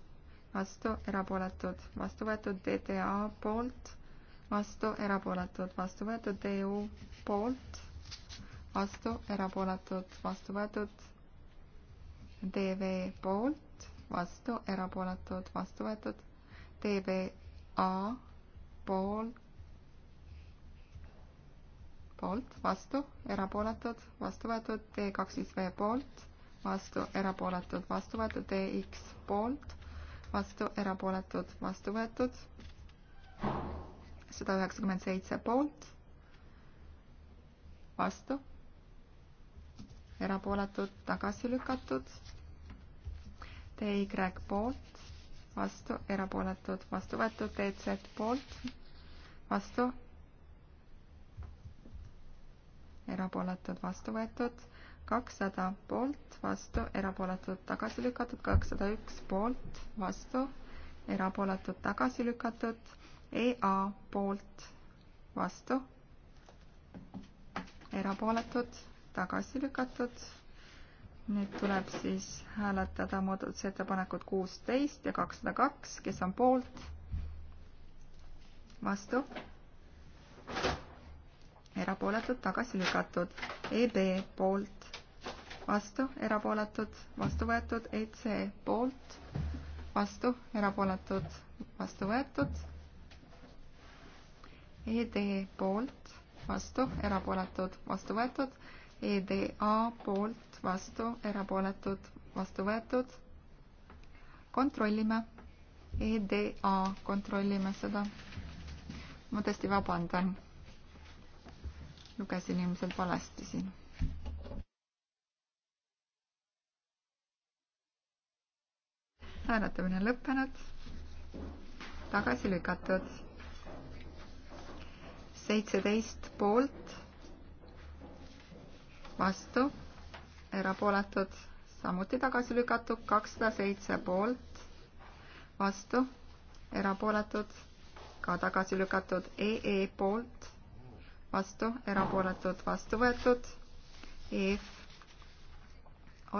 Speaker 3: vastu, erapooletud, vastu võetud, TTA poolt, vastu, erapooletud, vastu võetud, TU poolt vastu, erapooletud, vastu võetud. DV poolt, vastu, erapooletud, vastu võetud. DVA poolt, poolt, vastu, erapooletud, vastu võetud. D25V poolt, vastu, erapooletud, vastu võetud. DX poolt, vastu, erapooletud, vastu võetud. sada üheksakümmend seitse poolt, vastu erapooletud, tagasi lükatud. TY poolt, vastu, erapooletud, vastu võetud, TZ poolt, vastu, erapooletud, vastu võetud, kakssada poolt, vastu, erapooletud, tagasi lükatud, kakssada üks poolt, vastu, erapooletud, tagasi lükatud, EA poolt, vastu, erapooletud tagasi lükatud. nüüd tuleb siis hääletada muudatusettepanekut kuusteist ja kakssada kaks, kes on poolt, vastu, erapooletud, tagasi lükatud, EB poolt, vastu, erapooletud, vastu võetud, EC poolt, vastu, erapooletud, vastu võetud ED poolt, vastu, erapooletud, vastu võetud EDA poolt vastu, erapooletud vastu võetud. kontrollime, EDA, kontrollime seda. ma tõesti vabandan. lugesin ilmselt valesti siin. hääletamine lõppenud, tagasi lükatud, seitseteist poolt vastu, erapooletud, samuti tagasi lükatud, kakssada seitse poolt, vastu, erapooletud, ka tagasi lükatud, EE e poolt, vastu, erapooletud, vastu võetud, EF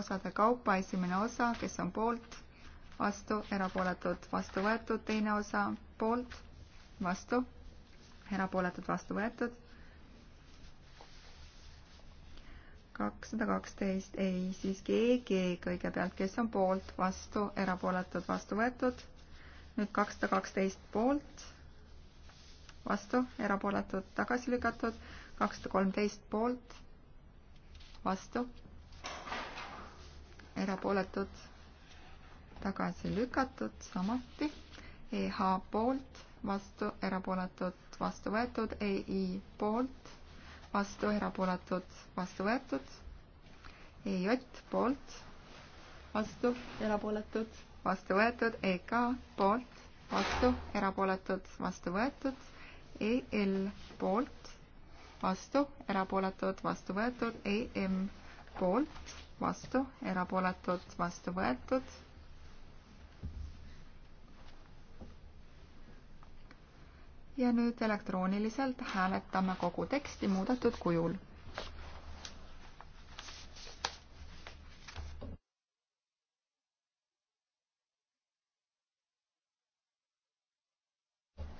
Speaker 3: osade kaupa, esimene osa, kes on poolt, vastu, erapooletud, vastu võetud, teine osa poolt, vastu, erapooletud, vastu võetud kakssada kaksteist, ei, siis GG kõigepealt, kes on poolt, vastu, erapooletud, vastu võetud. nüüd kakssada kaksteist poolt, vastu, erapooletud, tagasi lükatud, kakssada kolmteist poolt, vastu, erapooletud, tagasi lükatud, samuti. EH poolt, vastu, erapooletud, vastu võetud, EI poolt vastu, erapooletud, vastu võetud. EJ poolt, vastu, erapooletud, vastu võetud. EK poolt, vastu, erapooletud, vastu võetud. EL poolt, vastu, erapooletud, vastu võetud. EM poolt, vastu, erapooletud, vastu võetud ja nüüd elektrooniliselt hääletame kogu teksti muudetud kujul.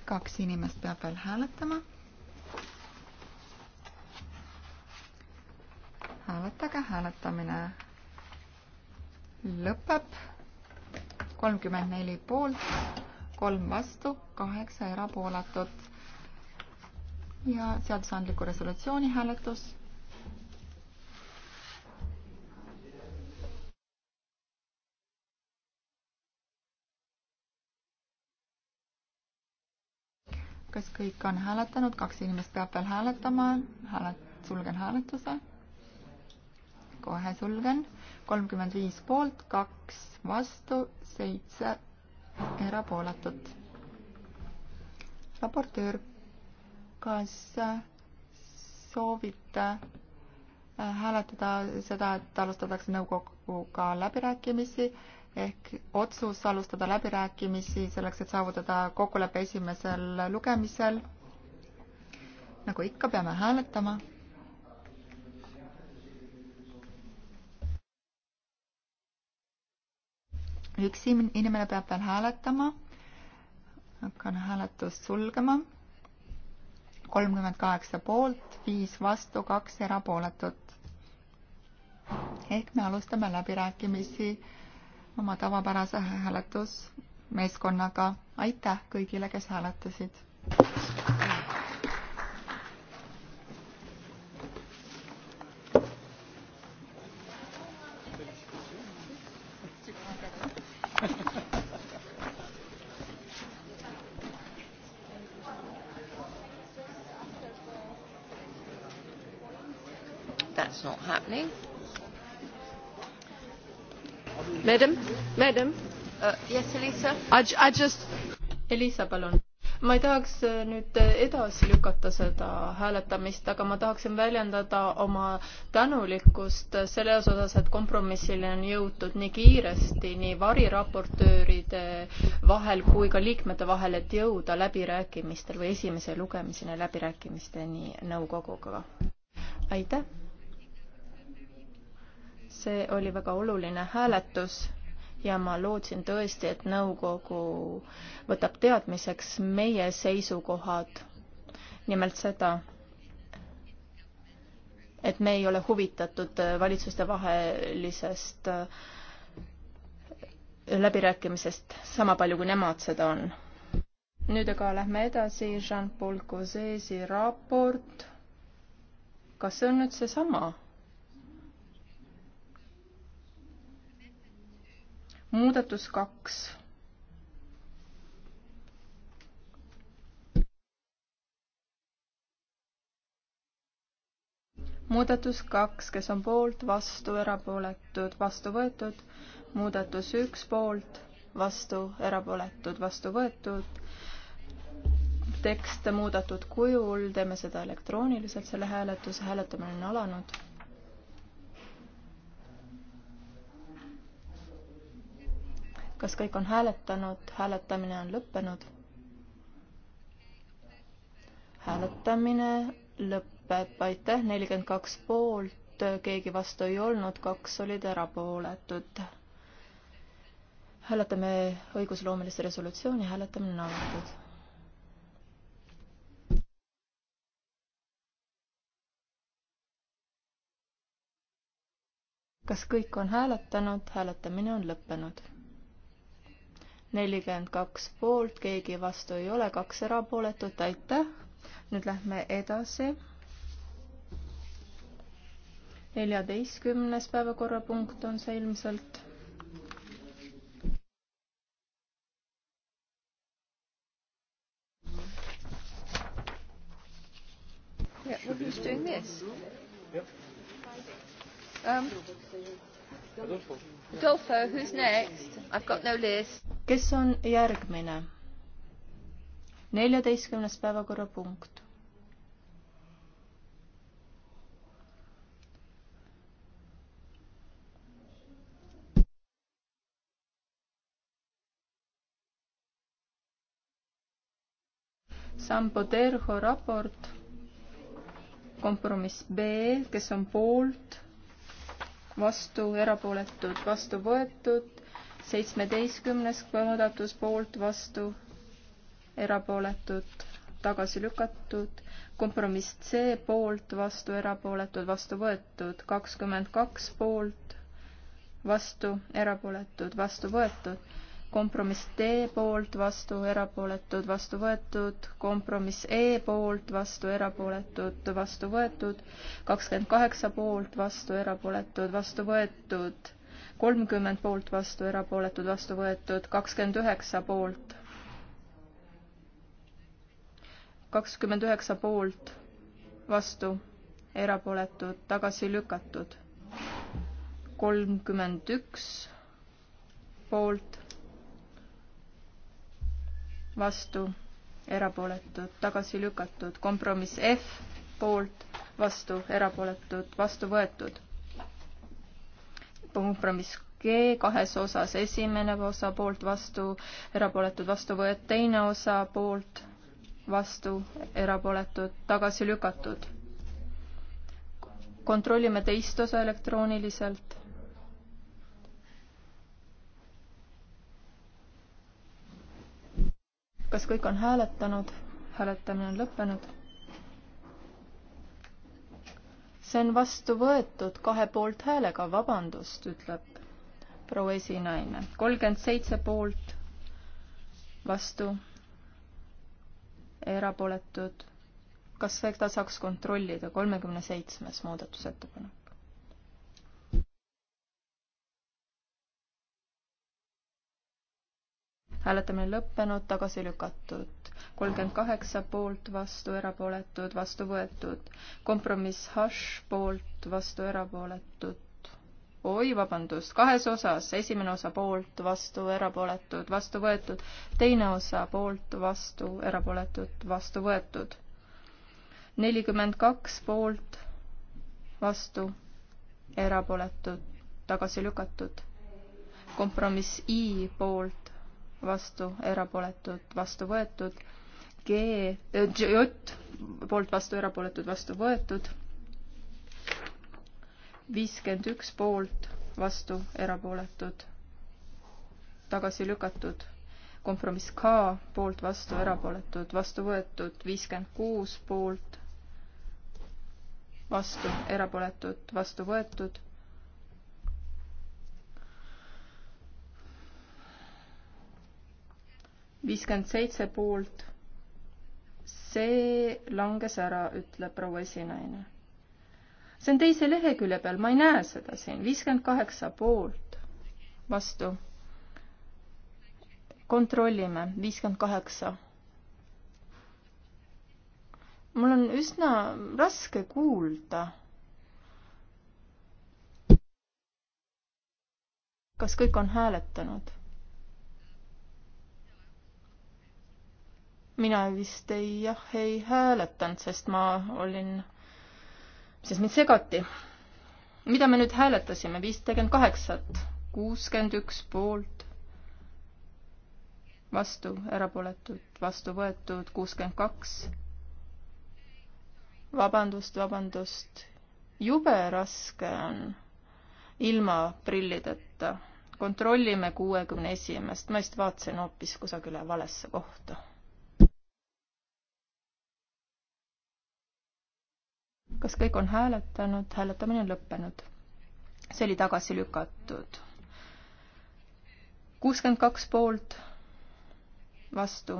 Speaker 3: kaks inimest peab veel hääletama. hääletage, hääletamine lõpeb. kolmkümmend neli poolt kolm vastu, kaheksa erapooletut. ja seadusandliku resolutsiooni hääletus. kas kõik on hääletanud, kaks inimest peab veel hääletama, hääled, sulgen hääletuse. kohe sulgen, kolmkümmend viis poolt, kaks vastu, seitse erapooletut. raportöör, kas soovite äh, hääletada seda, et alustatakse nõukoguga läbirääkimisi ehk otsus alustada läbirääkimisi selleks, et saavutada kokkulepe esimesel lugemisel. nagu ikka, peame hääletama üks inimene peab veel hääletama. hakkan hääletust sulgema. kolmkümmend kaheksa poolt, viis vastu, kaks erapooletut. ehk me alustame läbirääkimisi oma tavapärase hääletusmeeskonnaga. aitäh kõigile, kes hääletasid!
Speaker 4: Madam
Speaker 1: uh,? Yes, Elisa? I
Speaker 4: just. Elisa, palun. ma ei tahaks äh, nüüd äh, edasi lükata seda hääletamist, aga ma tahaksin väljendada oma tänulikkust äh, selles osas, et kompromissile on jõutud nii kiiresti nii variraportööride vahel kui ka liikmete vahel, et jõuda läbirääkimistel või esimese lugemiseni läbirääkimisteni nõukoguga. aitäh! see oli väga oluline hääletus ja ma lootsin tõesti, et nõukogu võtab teadmiseks meie seisukohad, nimelt seda, et me ei ole huvitatud valitsustevahelisest äh, läbirääkimisest sama palju, kui nemad seda on. nüüd aga lähme edasi, Jean-Paul Causesi raport. kas see on nüüd seesama? muudatus kaks. muudatus kaks, kes on poolt, vastu, erapooletud, vastu võetud. muudatus üks poolt, vastu, erapooletud, vastu võetud. tekst muudetud kujul, teeme seda elektrooniliselt, selle hääletuse hääletamine on alanud kas kõik on hääletanud, hääletamine on lõppenud? hääletamine lõpeb, aitäh, nelikümmend kaks poolt, keegi vastu ei olnud, kaks olid erapooletud. hääletame õigusloomelise resolutsiooni, hääletamine on avatud kas kõik on hääletanud, hääletamine on lõppenud nelikümmend kaks poolt, keegi vastu ei ole, kaks erapooletut, aitäh. nüüd lähme edasi. neljateistkümnes päevakorrapunkt on see ilmselt.
Speaker 1: Yeah, well, who's doing this? Yep. Um, Adolfo. Adolfo, who's next? I've got no list
Speaker 4: kes on järgmine? neljateistkümnes päevakorrapunkt. Sampo Terho raport, kompromiss B, kes on poolt, vastu, erapooletud, vastu võetud seitsmeteistkümnes muudatus poolt, vastu, erapooletud, tagasi lükatud. kompromiss C poolt, vastu, erapooletud, vastu võetud. kakskümmend kaks poolt, vastu, erapooletud, vastu võetud kompromiss D poolt, vastu erapooletud, vastu võetud, kompromiss E poolt, vastu erapooletud, vastu võetud, kakskümmend kaheksa poolt, vastu erapooletud, vastu võetud, kolmkümmend poolt vastu, erapooletud vastu võetud, kakskümmend üheksa poolt. kakskümmend üheksa poolt vastu, erapooletud, tagasi lükatud. kolmkümmend üks poolt vastu, erapooletud, tagasi lükatud, kompromiss F poolt vastu, erapooletud, vastu võetud kompromiss G kahes osas, esimene osa poolt vastu, erapooletud vastu võetud, teine osa poolt vastu, erapooletud tagasi lükatud. kontrollime teist osa elektrooniliselt. kas kõik on hääletanud? hääletamine on lõppenud see on vastu võetud kahe poolthäälega, vabandust, ütleb proua esinaine. kolmkümmend seitse poolt, vastu, erapooletud. kas seda saaks kontrollida, kolmekümne seitsmes muudatusettepanek? hääletamine lõppenud, tagasi lükatud. kolmkümmend kaheksa poolt, vastu, erapooletud, vastu võetud. kompromiss hash poolt, vastu, erapooletud. oi, vabandust, kahes osas, esimene osa poolt, vastu, erapooletud, vastu võetud, teine osa poolt, vastu, erapooletud, vastu võetud. nelikümmend kaks poolt, vastu, erapooletud, tagasi lükatud. kompromiss I poolt, vastu, erapooletud, vastu võetud. G, äh, J poolt vastu, erapooletud, vastu võetud. viiskümmend üks poolt, vastu, erapooletud, tagasi lükatud. kompromiss K poolt, vastu, erapooletud, vastu võetud. viiskümmend kuus poolt, vastu, erapooletud, vastu võetud viiskümmend seitse poolt. see langes ära, ütleb proua esinaine. see on teise lehekülje peal, ma ei näe seda siin, viiskümmend kaheksa poolt, vastu. kontrollime, viiskümmend kaheksa. mul on üsna raske kuulda. kas kõik on hääletanud? mina vist ei, jah, ei hääletanud, sest ma olin, sest mind segati. mida me nüüd hääletasime, viiskümmend kaheksat, kuuskümmend üks poolt, vastu, erapooletud, vastu võetud, kuuskümmend kaks. vabandust, vabandust, jube raske on ilma prillideta. kontrollime kuuekümne esimest, ma vist vaatasin hoopis kusagile valesse kohta kas kõik on hääletanud, hääletamine on lõppenud. see oli tagasi lükatud. kuuskümmend kaks poolt, vastu,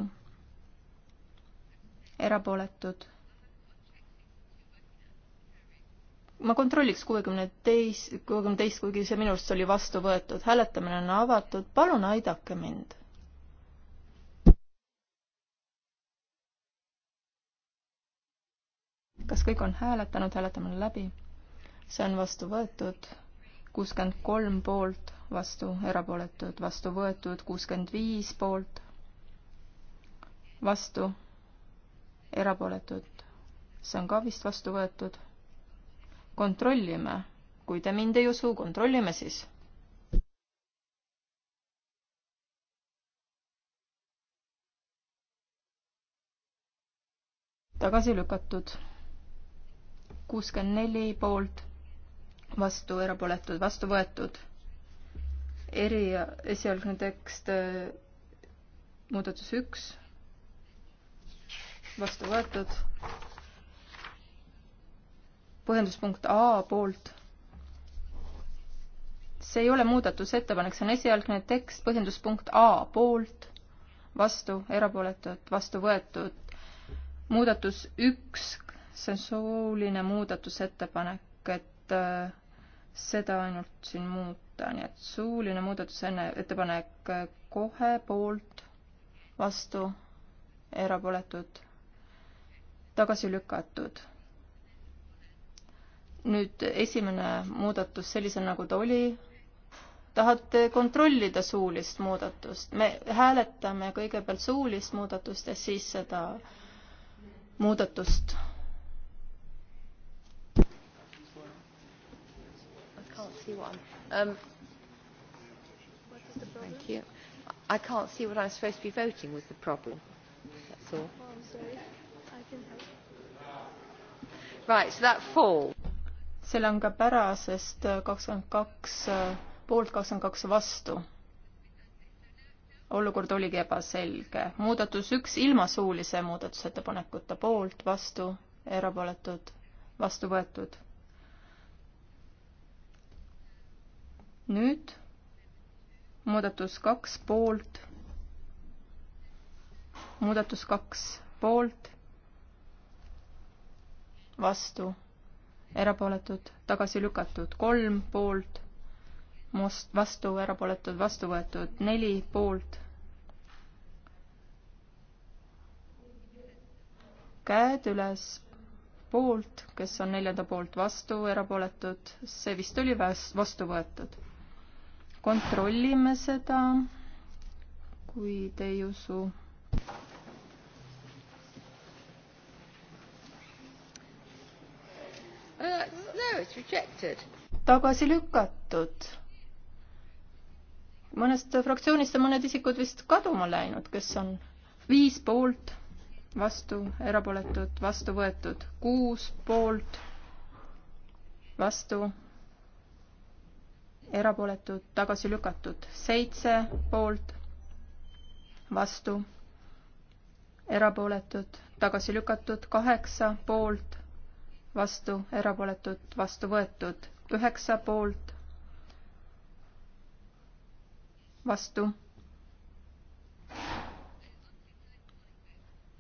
Speaker 4: erapooletud. ma kontrolliks kuuekümne teist, kuuekümne teist, kuigi see minu arust oli vastu võetud. hääletamine on avatud, palun aidake mind kas kõik on hääletanud, hääletame läbi. see on vastu võetud, kuuskümmend kolm poolt, vastu erapooletud, vastu võetud, kuuskümmend viis poolt, vastu erapooletud, see on ka vist vastu võetud. kontrollime, kui te mind ei usu, kontrollime siis tagasi lükatud kuuskümmend neli poolt, vastu, erapooletud, vastu võetud. eri, esialgne tekst, äh, muudatus üks, vastu võetud. põhjenduspunkt A poolt. see ei ole muudatusettepanek, see on esialgne tekst, põhjenduspunkt A poolt, vastu, erapooletud, vastu võetud. muudatus üks see on sooline muudatusettepanek, et äh, seda ainult siin muuta, nii et suuline muudatusettepanek äh, kohe poolt, vastu, erapooletud, tagasi lükatud. nüüd esimene muudatus sellisena, nagu ta oli, tahate kontrollida suulist muudatust, me hääletame kõigepealt suulist muudatust ja siis seda muudatust
Speaker 1: see what I'm... Um, what is the problem? Thank you. I can't see what I'm supposed to be voting was the problem. That's all. Oh, I'm sorry. I can help. Right, so that falls.
Speaker 4: see langeb ära, sest äh, kakskümmend kaks äh, poolt, kakskümmend kaks vastu. olukord oligi ebaselge. muudatus üks ilma suulise muudatusettepanekuta poolt, vastu, erapooletud, vastu võetud nüüd muudatus kaks poolt, muudatus kaks poolt, vastu, erapooletud, tagasi lükatud, kolm poolt, must, vastu, erapooletud, vastu võetud, neli poolt. käed üles, poolt, kes on neljanda poolt vastu, erapooletud, see vist oli vastu võetud kontrollime seda, kui te ei usu.
Speaker 1: Uh,
Speaker 4: tagasi lükatud. mõnest fraktsioonist on mõned isikud vist kaduma läinud, kes on viis poolt, vastu, erapooletud, vastu võetud, kuus poolt, vastu erapooletud, tagasi lükatud. seitse poolt, vastu, erapooletud, tagasi lükatud. kaheksa poolt, vastu, erapooletud, vastu võetud. üheksa poolt, vastu.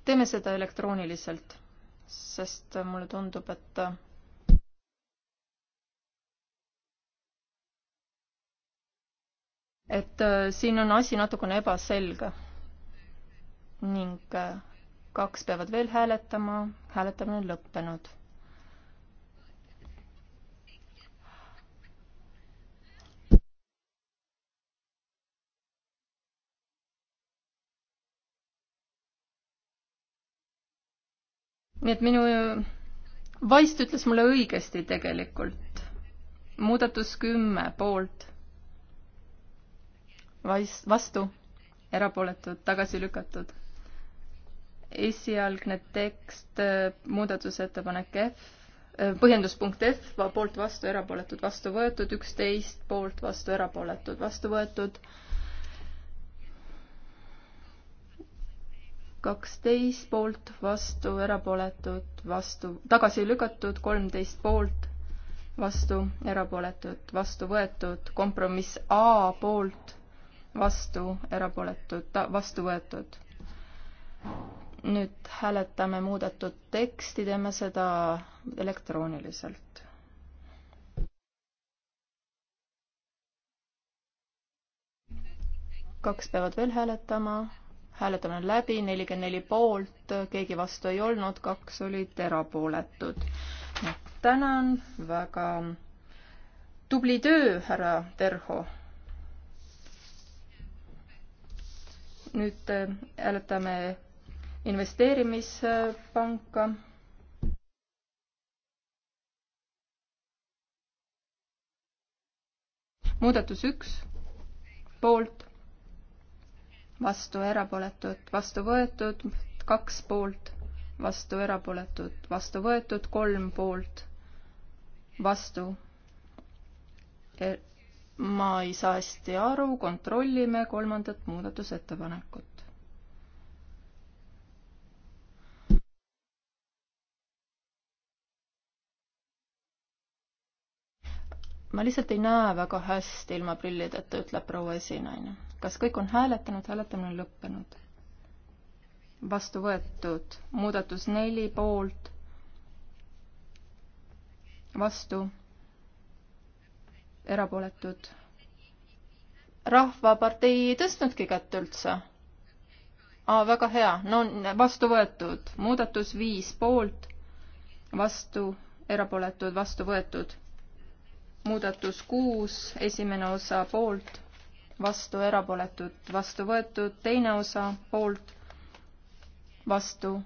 Speaker 4: teeme seda elektrooniliselt, sest mulle tundub, et et äh, siin on asi natukene ebaselge. ning äh, kaks peavad veel hääletama, hääletamine on lõppenud. nii et minu äh, vaist ütles mulle õigesti tegelikult. muudatus kümme poolt vastu, erapooletud, tagasi lükatud. esialgne tekst, äh, muudatusettepanek F, äh, põhjenduspunkt F, poolt vastu, erapooletud, vastu võetud, üksteist, poolt vastu, erapooletud, vastu võetud. kaksteist poolt, vastu, erapooletud, vastu, tagasi lükatud, kolmteist poolt, vastu, erapooletud, vastu võetud, kompromiss A poolt vastu, erapooletud, vastu võetud. nüüd hääletame muudetud teksti, teeme seda elektrooniliselt. kaks peavad veel hääletama, hääletamine on läbi, nelikümmend neli poolt, keegi vastu ei olnud, kaks olid erapooletud. tänan, väga tubli töö, härra Terho nüüd äh, hääletame investeerimispanka. muudatus üks, poolt,
Speaker 3: vastu erapooletud,
Speaker 4: vastu võetud, kaks poolt, vastu erapooletud, vastu võetud, kolm poolt, vastu er ma ei saa hästi aru, kontrollime kolmandat muudatusettepanekut. ma lihtsalt ei näe väga hästi ilma prillideta, ütleb proua esinaine. kas kõik on hääletanud, hääletamine on lõppenud? vastu võetud, muudatus neli poolt, vastu erapooletud. rahvapartei ei tõstnudki kätt üldse. aa, väga hea, no vastu võetud, muudatus viis poolt, vastu, erapooletud, vastu võetud. muudatus kuus, esimene osa poolt, vastu, erapooletud, vastu võetud, teine osa poolt, vastu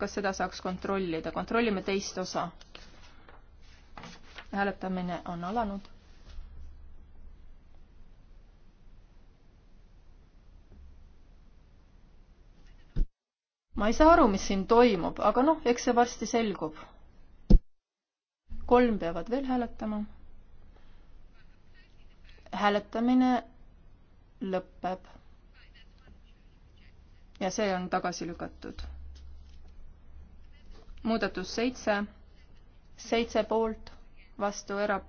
Speaker 4: kas seda saaks kontrollida, kontrollime teist osa hääletamine on alanud. ma ei saa aru, mis siin toimub, aga noh, eks see varsti selgub. kolm peavad veel hääletama. hääletamine lõpeb. ja see on tagasi lükatud. muudatus seitse, seitse poolt vastu era-.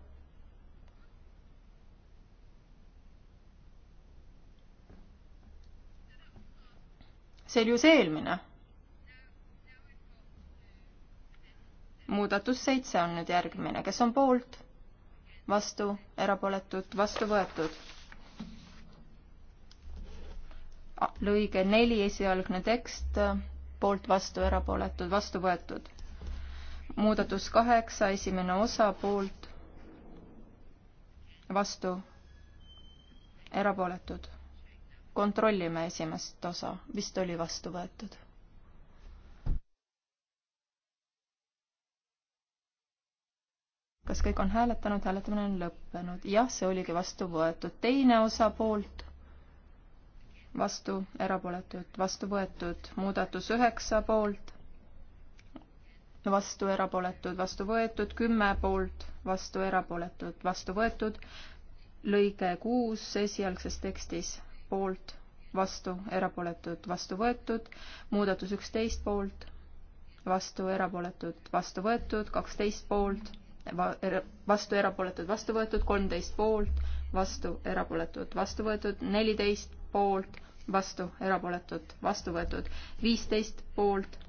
Speaker 4: see oli ju see eelmine. muudatus seitse on nüüd järgmine, kes on poolt, vastu, erapooletud, vastu võetud. lõige neli, esialgne tekst, poolt, vastu, erapooletud, vastu võetud muudatus kaheksa, esimene osa poolt, vastu, erapooletud. kontrollime esimest osa, vist oli vastu võetud. kas kõik on hääletanud, hääletamine on lõppenud, jah, see oligi vastu võetud, teine osa poolt, vastu, erapooletud, vastu võetud, muudatus üheksa poolt vastu erapooletud, vastu võetud, kümme poolt, vastu erapooletud, vastu võetud, lõige kuus esialgses tekstis, poolt, vastu, erapooletud, vastu võetud, muudatus üksteist poolt, vastu, erapooletud, vastu võetud, kaksteist poolt, er-, vastu, erapooletud, vastu võetud, kolmteist poolt, vastu, erapooletud, vastu võetud, neliteist poolt, vastu, erapooletud, vastu võetud, viisteist poolt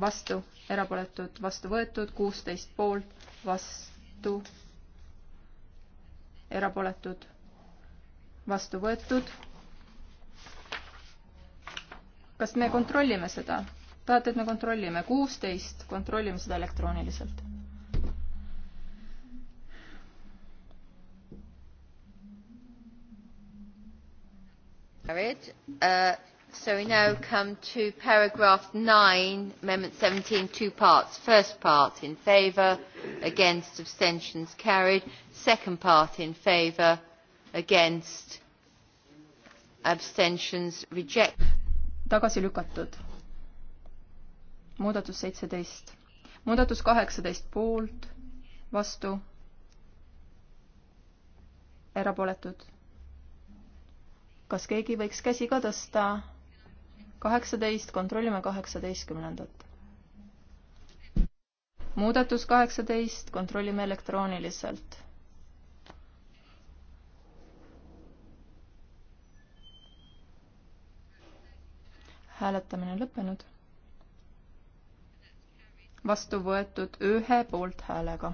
Speaker 4: vastu, erapooletud, vastu võetud, kuusteist poolt, vastu, erapooletud, vastu võetud. kas me kontrollime seda? tahate, et me kontrollime? kuusteist, kontrollime seda
Speaker 1: elektrooniliselt. Uh, So we now come to paragraph 9, Amendment 17, two parts. First part, in favour, against, abstentions carried. Second part, in favour, against, abstentions reject. tagasi lükatud. muudatus seitseteist.
Speaker 4: muudatus kaheksateist poolt, vastu, erapooletud. kas keegi võiks käsi ka tõsta? kaheksateist, kontrollime kaheksateistkümnendat. muudatus kaheksateist, kontrollime elektrooniliselt. hääletamine on lõppenud. vastu võetud ühe poolthäälega.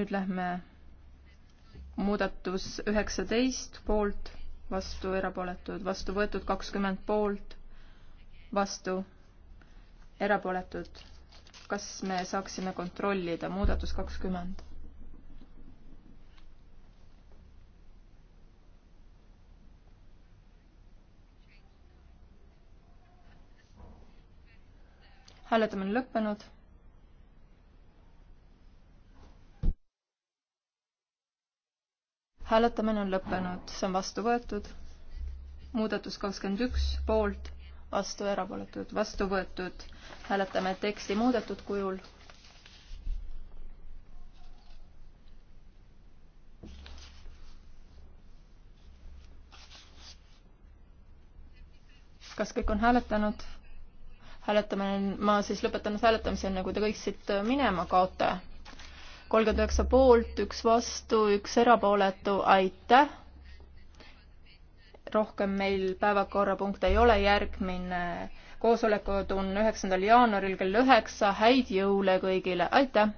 Speaker 4: nüüd lähme muudatus üheksateist poolt vastu erapooletud, vastu võetud kakskümmend poolt, vastu erapooletud. kas me saaksime kontrollida muudatus kakskümmend? hääletamine lõppenud hääletamine on lõppenud, see on vastu võetud. muudatus kakskümmend üks, poolt, vastu, erapooletud, vastu võetud. hääletame teksti muudetud kujul. kas kõik on hääletanud? hääletamine, ma siis lõpetan hääletamise, enne nagu kui te kõik siit minema kaote kolmkümmend üheksa poolt, üks vastu, üks erapooletu, aitäh. rohkem meil päevakorrapunkte ei ole, järgmine koosolek on üheksandal jaanuaril kell üheksa, häid jõule kõigile, aitäh.